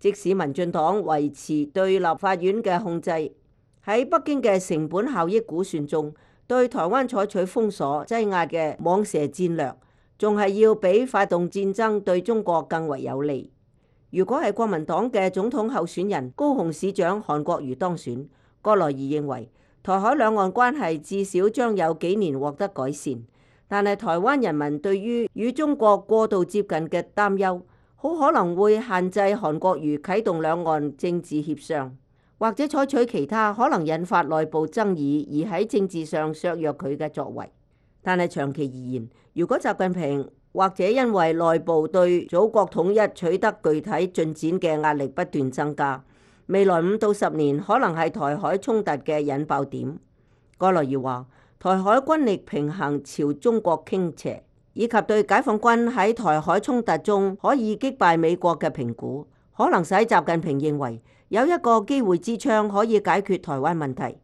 即使民進黨維持對立法院嘅控制，喺北京嘅成本效益估算中，對台灣採取封鎖擠壓嘅蟒蛇戰略，仲係要比發動戰爭對中國更為有利。如果係國民黨嘅總統候選人高雄市長韓國瑜當選，葛來儀認為。台海兩岸關係至少將有幾年獲得改善，但係台灣人民對於與中國過度接近嘅擔憂，好可能會限制韓國瑜啟動兩岸政治協商，或者採取其他可能引發內部爭議而喺政治上削弱佢嘅作為。但係長期而言，如果習近平或者因為內部對祖國統一取得具體進展嘅壓力不斷增加。未來五到十年可能係台海衝突嘅引爆點，葛來儀話：台海軍力平衡朝中國傾斜，以及對解放軍喺台海衝突中可以擊敗美國嘅評估，可能使習近平認為有一個機會之窗可以解決台灣問題。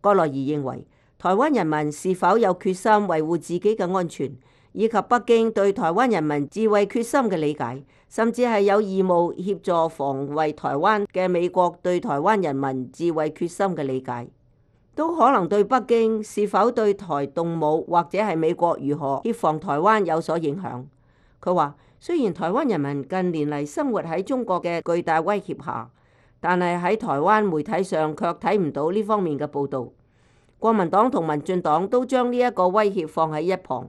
葛來儀認為，台灣人民是否有決心維護自己嘅安全，以及北京對台灣人民自衛決心嘅理解，甚至係有義務協助防衛台灣嘅美國對台灣人民自衛決心嘅理解，都可能對北京是否對台動武或者係美國如何協防台灣有所影響。佢話：雖然台灣人民近年嚟生活喺中國嘅巨大威脅下，但係喺台灣媒體上卻睇唔到呢方面嘅報導。國民黨同民進黨都將呢一個威脅放喺一旁。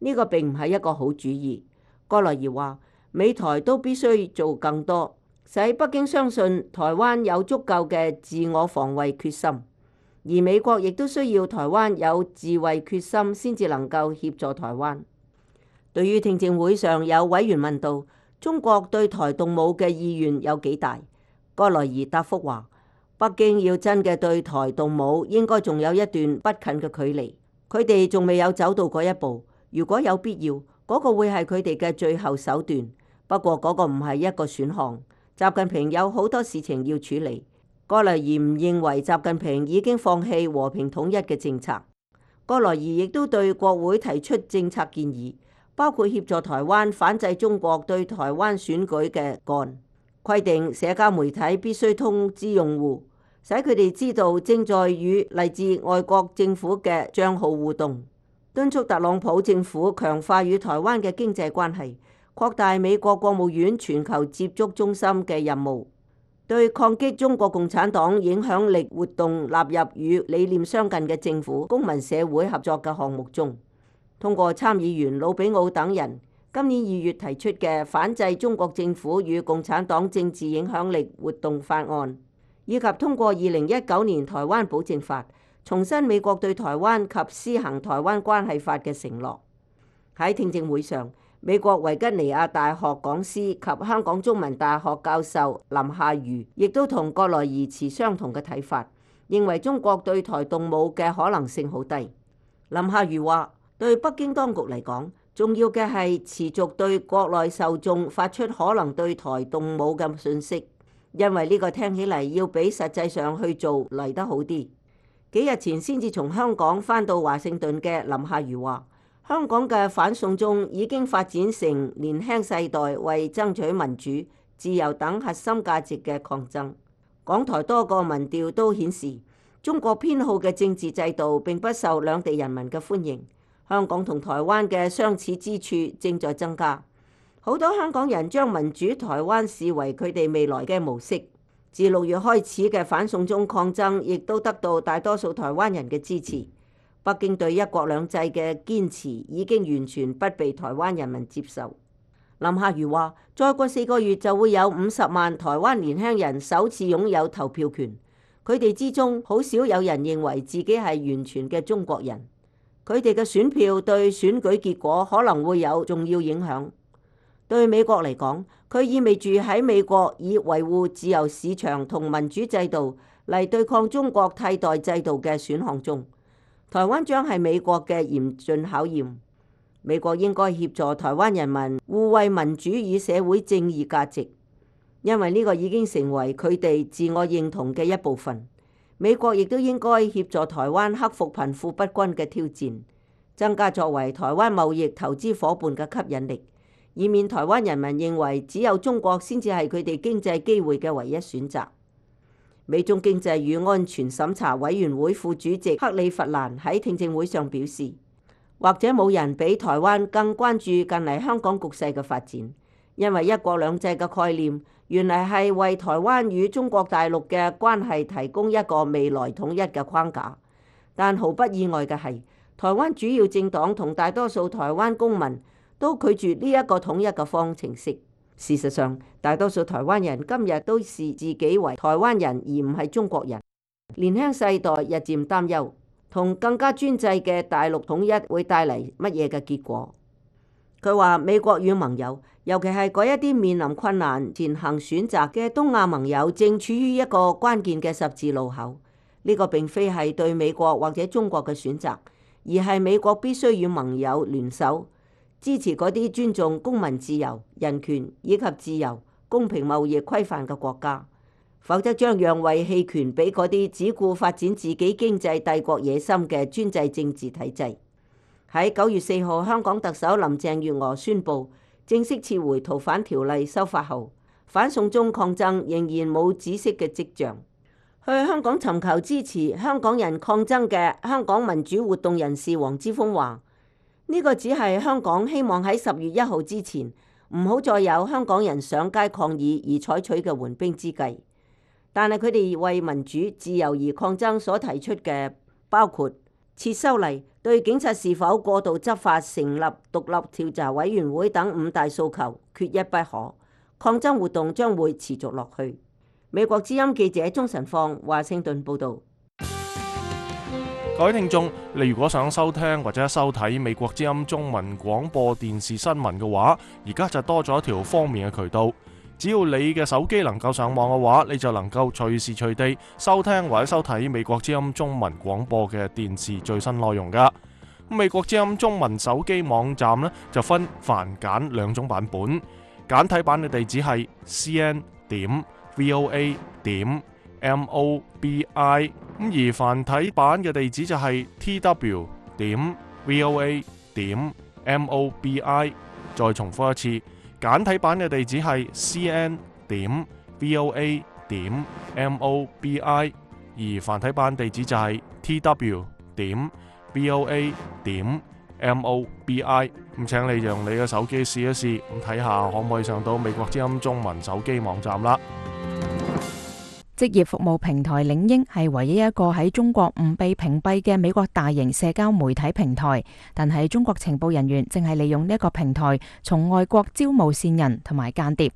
呢個並唔係一個好主意，哥萊爾話：美台都必須做更多，使北京相信台灣有足夠嘅自我防衛決心，而美國亦都需要台灣有自衛決心，先至能夠協助台灣。對於聽證會上有委員問到中國對台動武嘅意願有幾大，哥萊爾答覆話：北京要真嘅對台動武，應該仲有一段不近嘅距離，佢哋仲未有走到嗰一步。如果有必要，嗰、那個會係佢哋嘅最後手段。不過嗰個唔係一個選項。習近平有好多事情要處理。葛來儀唔認為習近平已經放棄和平統一嘅政策。葛來儀亦都對國會提出政策建議，包括協助台灣反制中國對台灣選舉嘅干規定，社交媒體必須通知用戶，使佢哋知道正在與嚟自外國政府嘅賬號互動。敦促特朗普政府強化與台灣嘅經濟關係，擴大美國國務院全球接觸中心嘅任務，對抗擊中國共產黨影響力活動納入與理念相近嘅政府公民社會合作嘅項目中，通過參議員魯比奧等人今年二月提出嘅反制中國政府與共產黨政治影響力活動法案，以及通過二零一九年台灣保證法。重申美國對台灣及施行《台灣關係法》嘅承諾。喺聽證會上，美國維吉尼亞大學講師及香港中文大學教授林夏如，亦都同國內議員持相同嘅睇法，認為中國對台動武嘅可能性好低。林夏如話：對北京當局嚟講，重要嘅係持續對國內受眾發出可能對台動武嘅訊息，因為呢個聽起嚟要比實際上去做嚟得好啲。幾日前先至從香港翻到華盛頓嘅林夏如話：香港嘅反送中已經發展成年輕世代為爭取民主、自由等核心價值嘅抗爭。港台多個民調都顯示，中國偏好嘅政治制度並不受兩地人民嘅歡迎。香港同台灣嘅相似之處正在增加，好多香港人將民主台灣視為佢哋未來嘅模式。自六月開始嘅反送中抗爭，亦都得到大多數台灣人嘅支持。北京對一國兩制嘅堅持已經完全不被台灣人民接受。林夏如話：再過四個月就會有五十萬台灣年輕人首次擁有投票權，佢哋之中好少有人認為自己係完全嘅中國人。佢哋嘅選票對選舉結果可能會有重要影響。對美國嚟講，佢意味住喺美國以維護自由市場同民主制度嚟對抗中國替代制度嘅選項中，台灣將係美國嘅嚴峻考驗。美國應該協助台灣人民護衛民主與社會正義價值，因為呢個已經成為佢哋自我認同嘅一部分。美國亦都應該協助台灣克服貧富不均嘅挑戰，增加作為台灣貿易投資伙伴嘅吸引力。以免台灣人民認為只有中國先至係佢哋經濟機會嘅唯一選擇，美中經濟與安全審查委員會副主席克里弗蘭喺聽證會上表示，或者冇人比台灣更關注近嚟香港局勢嘅發展，因為一國兩制嘅概念原來係為台灣與中國大陸嘅關係提供一個未來統一嘅框架，但毫不意外嘅係，台灣主要政黨同大多數台灣公民都拒絕呢一個統一嘅方程式。事實上，大多數台灣人今日都視自己為台灣人而唔係中國人。年輕世代日漸擔憂同更加專制嘅大陸統一會帶嚟乜嘢嘅結果。佢話：美國與盟友，尤其係嗰一啲面臨困難前行選擇嘅東亞盟友，正處於一個關鍵嘅十字路口。呢個並非係對美國或者中國嘅選擇，而係美國必須與盟友聯手。支持嗰啲尊重公民自由、人權以及自由公平貿易規範嘅國家，否則將讓位棄權俾嗰啲只顧發展自己經濟帝國野心嘅專制政治體制。喺九月四號，香港特首林鄭月娥宣佈正式撤回逃犯條例修法後，反送中抗爭仍然冇止息嘅跡象。去香港尋求支持香港人抗爭嘅香港民主活動人士黃之鋒話呢個只係香港希望喺十月一號之前唔好再有香港人上街抗議而採取嘅緩兵之計，但係佢哋為民主自由而抗爭所提出嘅，包括撤修例、對警察是否過度執法、成立獨立調查委員會等五大訴求，缺一不可。抗爭活動將會持續落去。美國之音記者鐘晨放華盛頓報導。各位聽眾，你如果想收聽或者收睇美國之音中文廣播、電視新聞嘅話，而家就多咗一條方面嘅渠道。只要你嘅手機能夠上網嘅話，你就能夠隨時隨地收聽或者收睇美國之音中文廣播嘅電視最新內容噶。美國之音中文手機網站呢就分繁簡兩種版本，簡體版嘅地址係 c n 點 v o a 點。MOBI，咁而繁體版嘅地址就係 TW 點 VOA 點 MOBI，再重複一次。簡體版嘅地址係 CN 點 VOA 點 MOBI，而繁體版地址就係 TW 點 VOA 點 MOBI。咁請你用你嘅手機試一試，咁睇下可唔可以上到美國之音中文手機網站啦。職業服務平台領英係唯一一個喺中國唔被屏蔽嘅美國大型社交媒體平台，但係中國情報人員正係利用呢一個平台從外國招募綫人同埋間諜。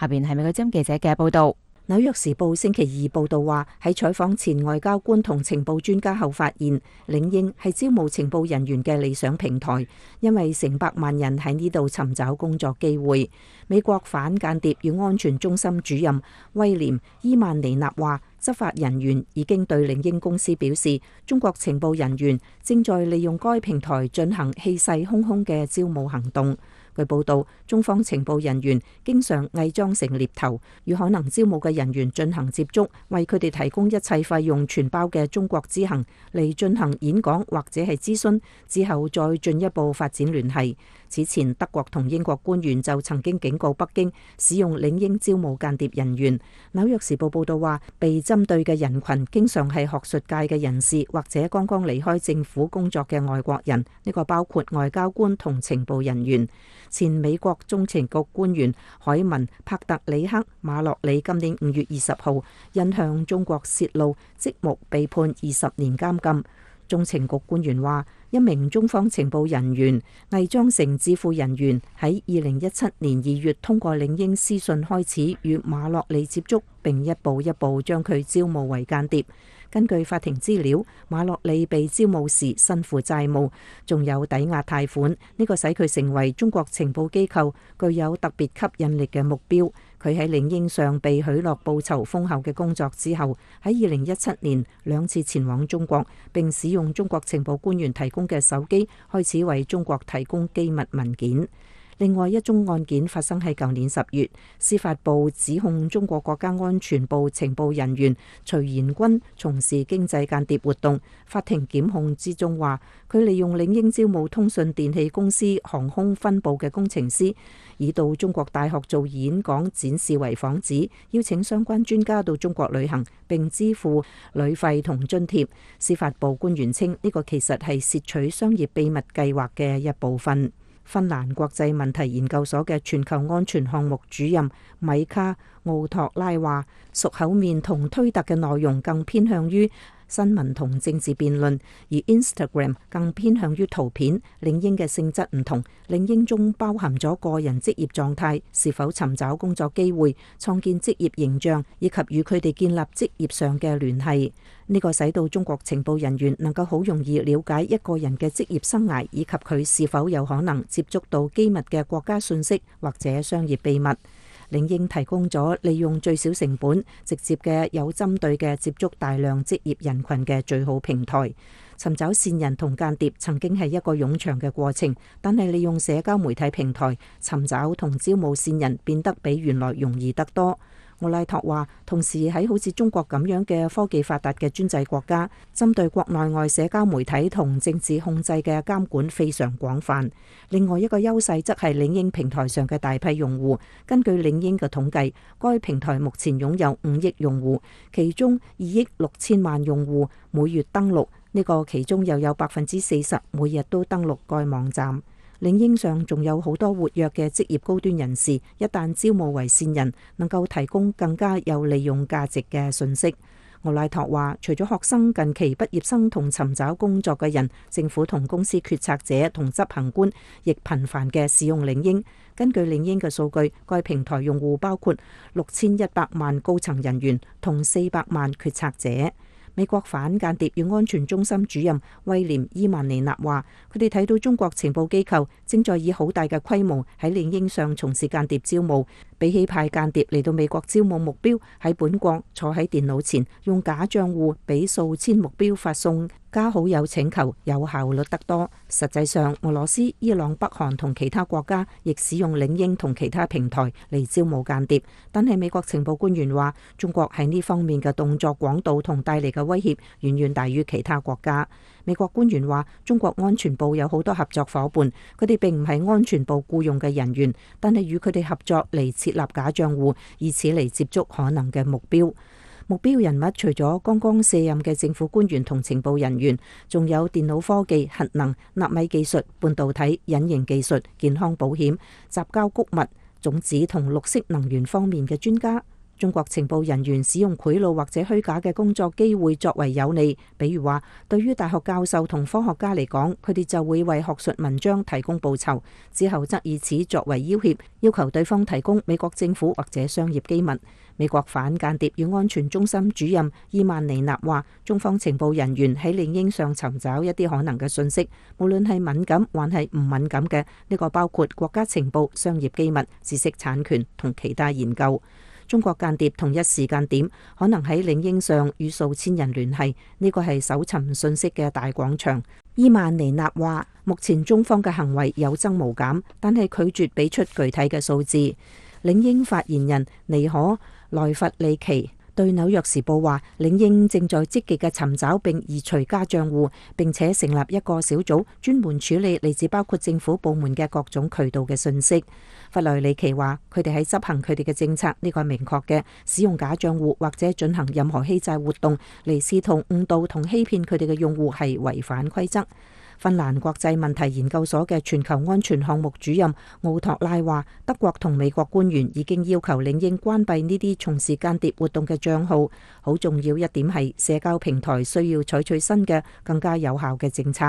下邊係美國之音記者嘅報道。《紐約時報》星期二報道話，喺採訪前外交官同情報專家後發現，領英係招募情報人員嘅理想平台，因為成百萬人喺呢度尋找工作機會。美國反間諜與安全中心主任威廉伊萬尼納話，執法人員已經對領英公司表示，中國情報人員正在利用該平台進行氣勢洶洶嘅招募行動。據報道，中方情報人員經常偽裝成獵頭，與可能招募嘅人員進行接觸，為佢哋提供一切費用全包嘅中國之行，嚟進行演講或者係諮詢，之後再進一步發展聯繫。此前，德國同英國官員就曾經警告北京使用領英招募間諜人員。紐約時報報導話，被針對嘅人群經常係學術界嘅人士，或者剛剛離開政府工作嘅外國人。呢個包括外交官同情報人員。前美國中情局官員凱文帕特里克馬洛里今年五月二十號因向中國泄露職務被判二十年監禁。中情局官員話。一名中方情報人員偽裝成智庫人員，喺二零一七年二月通過領英私信開始與馬洛里接觸，並一步一步將佢招募為間諜。根據法庭資料，馬洛里被招募時身負債務，仲有抵押貸款，呢、這個使佢成為中國情報機構具有特別吸引力嘅目標。佢喺領英上被許諾報酬豐厚嘅工作之後，喺二零一七年兩次前往中國，並使用中國情報官員提供嘅手機，開始為中國提供機密文件。另外一宗案件發生喺舊年十月，司法部指控中國國家安全部情報人員徐延軍從事經濟間諜活動。法庭檢控之中話，佢利用領英招募通訊電器公司航空分部嘅工程師，以到中國大學做演講展示為幌子，邀請相關專家到中國旅行並支付旅費同津貼。司法部官員稱呢、這個其實係竊取商業秘密計劃嘅一部分。芬蘭國際問題研究所嘅全球安全項目主任米卡奧托拉話：熟口面同推特嘅內容更偏向於。新聞同政治辯論，而 Instagram 更偏向於圖片，領英嘅性質唔同，領英中包含咗個人職業狀態，是否尋找工作機會，創建職業形象，以及與佢哋建立職業上嘅聯繫。呢個使到中國情報人員能夠好容易了解一個人嘅職業生涯，以及佢是否有可能接觸到機密嘅國家信息或者商業秘密。領英提供咗利用最少成本、直接嘅、有針對嘅接觸大量職業人群嘅最好平台。尋找線人同間諜曾經係一個冗長嘅過程，但係利用社交媒體平台尋找同招募線人變得比原來容易得多。莫拉托話：同時喺好似中國咁樣嘅科技發達嘅專制國家，針對國內外社交媒體同政治控制嘅監管非常廣泛。另外一個優勢則係領英平台上嘅大批用戶。根據領英嘅統計，該平台目前擁有五億用戶，其中二億六千萬用戶每月登錄，呢、這個其中又有百分之四十每日都登錄該網站。領英上仲有好多活躍嘅職業高端人士，一旦招募為線人，能夠提供更加有利用價值嘅信息。奧拉托話：除咗學生、近期畢業生同尋找工作嘅人，政府同公司決策者同執行官亦頻繁嘅使用領英。根據領英嘅數據，該平台用戶包括六千一百萬高層人員同四百萬決策者。美國反間諜與安全中心主任威廉伊萬尼納話，佢哋睇到中國情報機構正在以好大嘅規模喺領英上從事間諜招募，比起派間諜嚟到美國招募目標，喺本國坐喺電腦前用假賬戶俾數千目標發送加好友請求有效率得多。實際上，俄羅斯、伊朗、北韓同其他國家亦使用領英同其他平台嚟招募間諜。但係美國情報官員話，中國喺呢方面嘅動作廣度同帶嚟嘅威脅，遠遠大於其他國家。美國官員話，中國安全部有好多合作夥伴，佢哋並唔係安全部僱用嘅人員，但係與佢哋合作嚟設立假賬戶，以此嚟接觸可能嘅目標。目標人物除咗剛剛卸任嘅政府官員同情報人員，仲有電腦科技、核能、納米技術、半導體、隱形技術、健康保險、雜交穀物種子同綠色能源方面嘅專家。中國情報人員使用賄賂或者虛假嘅工作機會作為誘餌，比如話對於大學教授同科學家嚟講，佢哋就會為學術文章提供報酬，之後則以此作為要挾，要求對方提供美國政府或者商業機密。美國反間諜與安全中心主任伊曼尼納話，中方情報人員喺領英上尋找一啲可能嘅信息，無論係敏感還係唔敏感嘅。呢個包括國家情報、商業機密、知識產權同其他研究。中國間諜同一時間點可能喺領英上與數千人聯繫，呢個係搜尋信息嘅大廣場。伊曼尼納話，目前中方嘅行為有增無減，但係拒絕俾出具體嘅數字。領英發言人尼可內弗里奇對紐約時報話：領英正在積極嘅尋找並移除假賬戶，並且成立一個小組專門處理來自包括政府部門嘅各種渠道嘅信息。弗雷里奇話：佢哋喺執行佢哋嘅政策，呢個係明確嘅。使用假賬戶或者進行任何欺詐活動嚟試圖誤導同欺騙佢哋嘅用戶，係違反規則。芬蘭國際問題研究所嘅全球安全項目主任奧托拉話，德國同美國官員已經要求領英關閉呢啲從事間諜活動嘅賬號。好重要一點係，社交平台需要採取新嘅、更加有效嘅政策。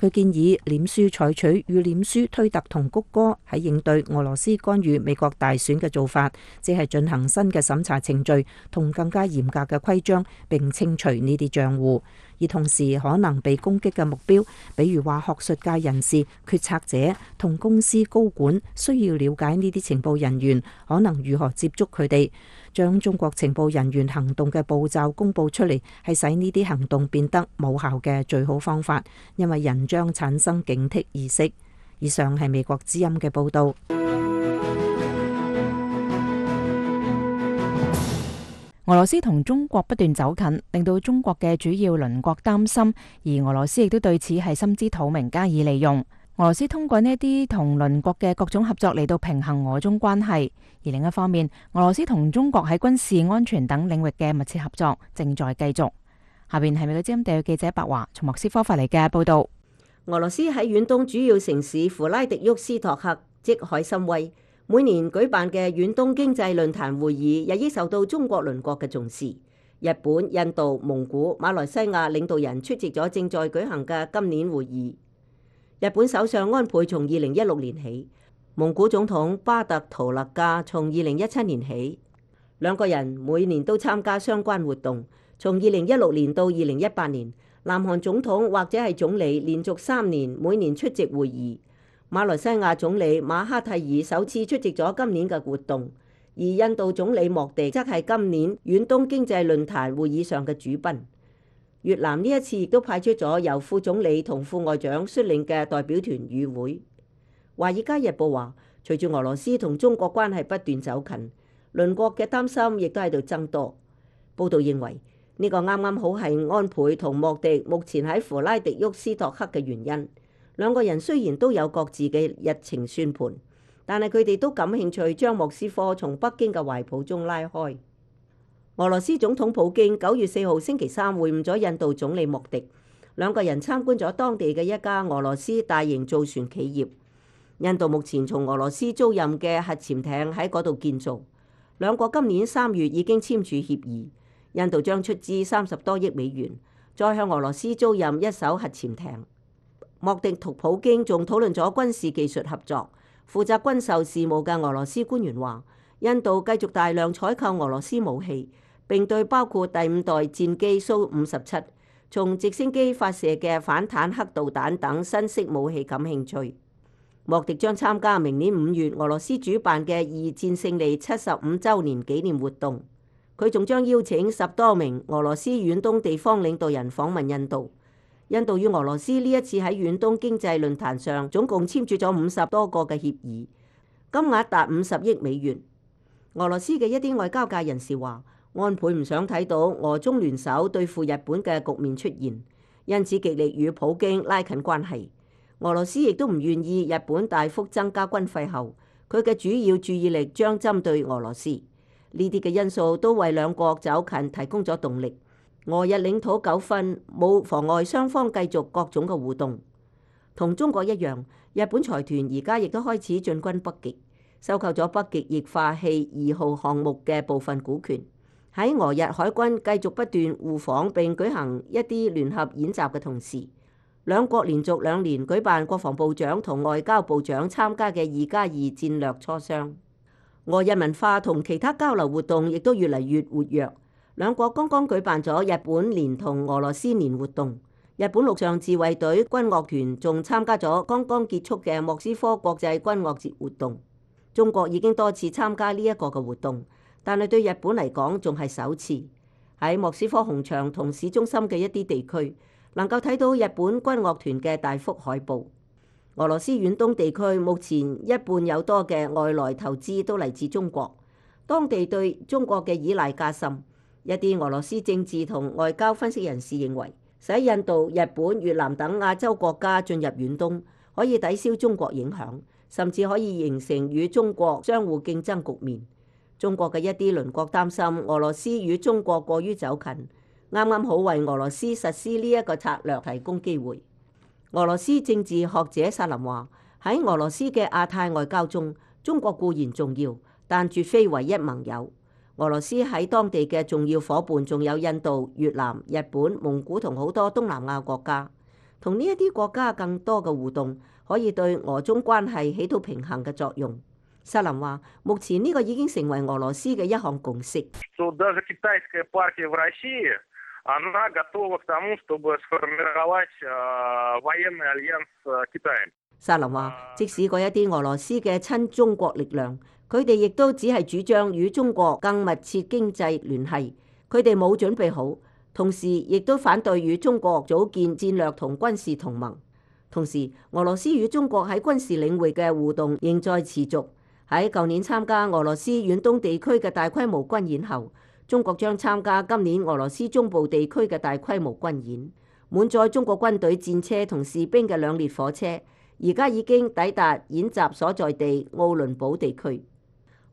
佢建議臉書採取與臉書推特、同谷歌喺應對俄羅斯干預美國大選嘅做法，即係進行新嘅審查程序同更加嚴格嘅規章，並清除呢啲賬戶。而同時，可能被攻擊嘅目標，比如話學術界人士、決策者同公司高管，需要了解呢啲情報人員可能如何接觸佢哋。將中國情報人員行動嘅步驟公佈出嚟，係使呢啲行動變得冇效嘅最好方法，因為人將產生警惕意識。以上係美國之音嘅報導。俄羅斯同中國不斷走近，令到中國嘅主要鄰國擔心，而俄羅斯亦都對此係心知肚明，加以利用。俄羅斯通過呢一啲同鄰國嘅各種合作嚟到平衡俄中關係。而另一方面，俄羅斯同中國喺軍事安全等領域嘅密切合作正在繼續。下面係美國《焦點》記者白華從莫斯科發嚟嘅報道：俄羅斯喺遠東主要城市符拉迪沃斯托克即海參崴，每年舉辦嘅遠東經濟論壇會議，日益受到中國鄰國嘅重視。日本、印度、蒙古、馬來西亞領導人出席咗正在舉行嘅今年會議。日本首相安倍從二零一六年起，蒙古總統巴特圖勒加從二零一七年起，兩個人每年都參加相關活動。從二零一六年到二零一八年，南韓總統或者係總理連續三年每年出席會議。馬來西亞總理馬哈蒂爾首次出席咗今年嘅活動，而印度總理莫迪則係今年遠東經濟論壇會議上嘅主賓。越南呢一次亦都派出咗由副總理同副外長率領嘅代表團與會。華爾街日報話，隨住俄羅斯同中國關係不斷走近，鄰國嘅擔心亦都喺度增多。報道認為，呢個啱啱好係安倍同莫迪目前喺弗拉迪沃斯托克嘅原因。兩個人雖然都有各自嘅日程算盤，但係佢哋都感興趣將莫斯科從北京嘅懷抱中拉開。俄羅斯總統普京九月四號星期三會晤咗印度總理莫迪，兩個人參觀咗當地嘅一家俄羅斯大型造船企業。印度目前從俄羅斯租賃嘅核潛艇喺嗰度建造。兩國今年三月已經簽署協議，印度將出資三十多億美元，再向俄羅斯租賃一艘核潛艇。莫迪同普京仲討論咗軍事技術合作。負責軍售事務嘅俄羅斯官員話，印度繼續大量採購俄羅斯武器，並對包括第五代戰機蘇 -57，從直升機發射嘅反坦克導彈等新式武器感興趣。莫迪將參加明年五月俄羅斯主辦嘅二戰勝利七十五週年紀念活動。佢仲將邀請十多名俄羅斯遠東地方領導人訪問印度。印度與俄羅斯呢一次喺遠東經濟論壇上，總共簽署咗五十多個嘅協議，金額達五十億美元。俄羅斯嘅一啲外交界人士話，安倍唔想睇到俄中聯手對付日本嘅局面出現，因此極力與普京拉近關係。俄羅斯亦都唔願意日本大幅增加軍費後，佢嘅主要注意力將針對俄羅斯。呢啲嘅因素都為兩國走近提供咗動力。俄日領土糾紛冇妨礙雙方繼續各種嘅互動，同中國一樣，日本財團而家亦都開始進軍北極，收購咗北極液化氣二號項目嘅部分股權。喺俄日海軍繼續不斷互訪並舉行一啲聯合演習嘅同時，兩國連續兩年舉辦國防部長同外交部長參加嘅二加二戰略磋商，俄日文化同其他交流活動亦都越嚟越活躍。兩國剛剛舉辦咗日本年同俄羅斯年活動，日本陸上自衛隊軍樂團仲參加咗剛剛結束嘅莫斯科國際軍樂節活動。中國已經多次參加呢一個嘅活動，但係對日本嚟講，仲係首次，喺莫斯科紅場同市中心嘅一啲地區能夠睇到日本軍樂團嘅大幅海報。俄羅斯遠東地區目前一半有多嘅外來投資都嚟自中國，當地對中國嘅依賴加深。一啲俄羅斯政治同外交分析人士認為，使印度、日本、越南等亞洲國家進入遠東，可以抵消中國影響，甚至可以形成與中國相互競爭局面。中國嘅一啲鄰國擔心俄羅斯與中國過於走近，啱啱好為俄羅斯實施呢一個策略提供機會。俄羅斯政治學者薩林話：喺俄羅斯嘅亞太外交中，中國固然重要，但絕非唯一盟友。俄羅斯喺當地嘅重要伙伴，仲有印度、越南、日本、蒙古同好多東南亞國家。同呢一啲國家更多嘅互動，可以對俄中關係起到平衡嘅作用。沙林話：目前呢個已經成為俄羅斯嘅一項共識。 薩林話，即使嗰一啲俄羅斯嘅親中國力量，佢哋亦都只係主張與中國更密切經濟聯繫，佢哋冇準備好，同時亦都反對與中國組建戰略同軍事同盟。同時，俄羅斯與中國喺軍事領域嘅互動仍在持續。喺舊年參加俄羅斯遠東地區嘅大規模軍演後，中國將參加今年俄羅斯中部地區嘅大規模軍演，滿載中國軍隊戰車同士兵嘅兩列火車，而家已經抵達演習所在地奧倫堡地區，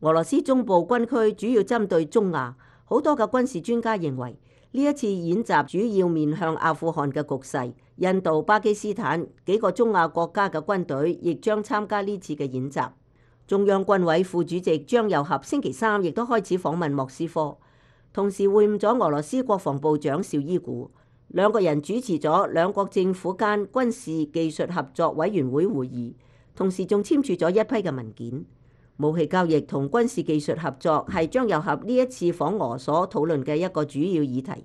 俄羅斯中部軍區主要針對中亞。好多嘅軍事專家認為，呢一次演習主要面向阿富汗嘅局勢。印度、巴基斯坦幾個中亞國家嘅軍隊亦將參加呢次嘅演習。中央軍委副主席張又俠星期三亦都開始訪問莫斯科，同時會晤咗俄羅斯國防部長邵伊古。兩個人主持咗兩國政府間軍事技術合作委員會會議，同時仲簽署咗一批嘅文件。武器交易同軍事技術合作係張又俠呢一次訪俄所討論嘅一個主要議題。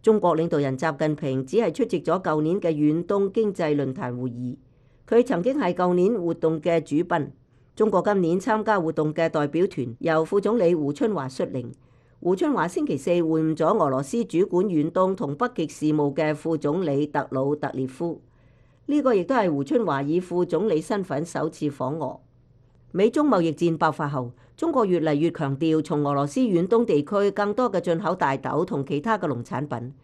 中國領導人習近平只係出席咗舊年嘅遠東經濟論壇會議，佢曾經係舊年活動嘅主賓。中國今年參加活動嘅代表團由副總理胡春華率領。胡春華星期四會晤咗俄羅斯主管遠東同北極事務嘅副總理特魯特列夫，呢個亦都係胡春華以副總理身份首次訪俄。美中貿易戰爆發後，中國越嚟越強調從俄羅斯遠東地區更多嘅進口大豆同其他嘅農產品。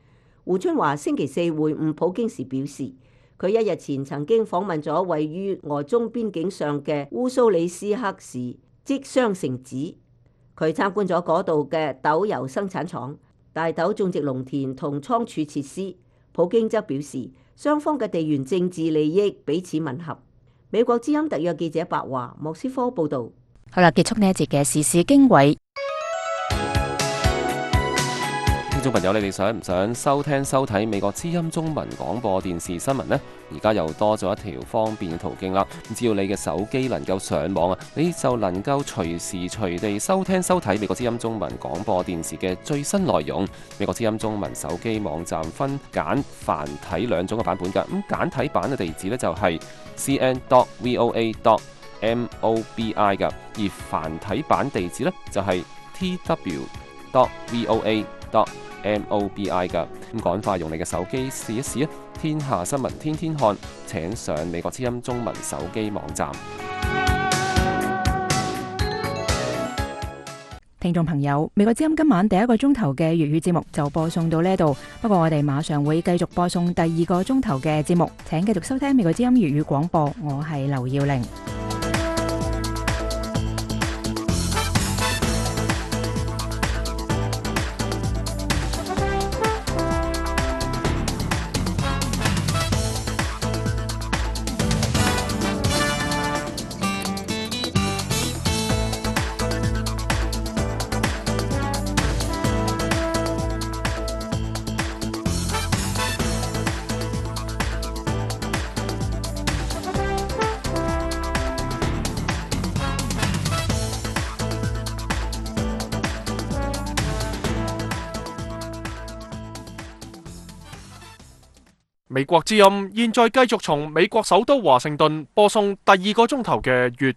胡春華星期四會晤普京時表示，佢一日前曾經訪問咗位於俄中邊境上嘅烏蘇里斯克市，即雙城子。佢參觀咗嗰度嘅豆油生產廠、大豆種植農田同倉儲設施。普京則表示，雙方嘅地緣政治利益彼此吻合。美國之音特約記者白華莫斯科報導。好啦，結束呢一節嘅時事經緯。小朋友，你哋想唔想收聽收睇美國之音中文廣播電視新聞呢？而家又多咗一條方便嘅途徑啦。只要你嘅手機能夠上網啊，你就能夠隨時隨地收聽收睇美國之音中文廣播電視嘅最新內容。美國之音中文手機網站分簡繁體兩種嘅版本㗎。咁簡體版嘅地址呢，就係 cn.voa.mobi 㗎，而繁體版地址呢，就係 tw.voa. M O B I 嘅。咁，趕快用你嘅手機試一試啊！天下新聞天天看，請上美國之音中文手機網站。聽眾朋友，美國之音今晚第一個鐘頭嘅粵語節目就播送到呢度，不過我哋馬上會繼續播送第二個鐘頭嘅節目。請繼續收聽美國之音粵語廣播，我係劉耀玲。美國之音現在繼續從美國首都華盛頓播送第二個鐘頭嘅粵語。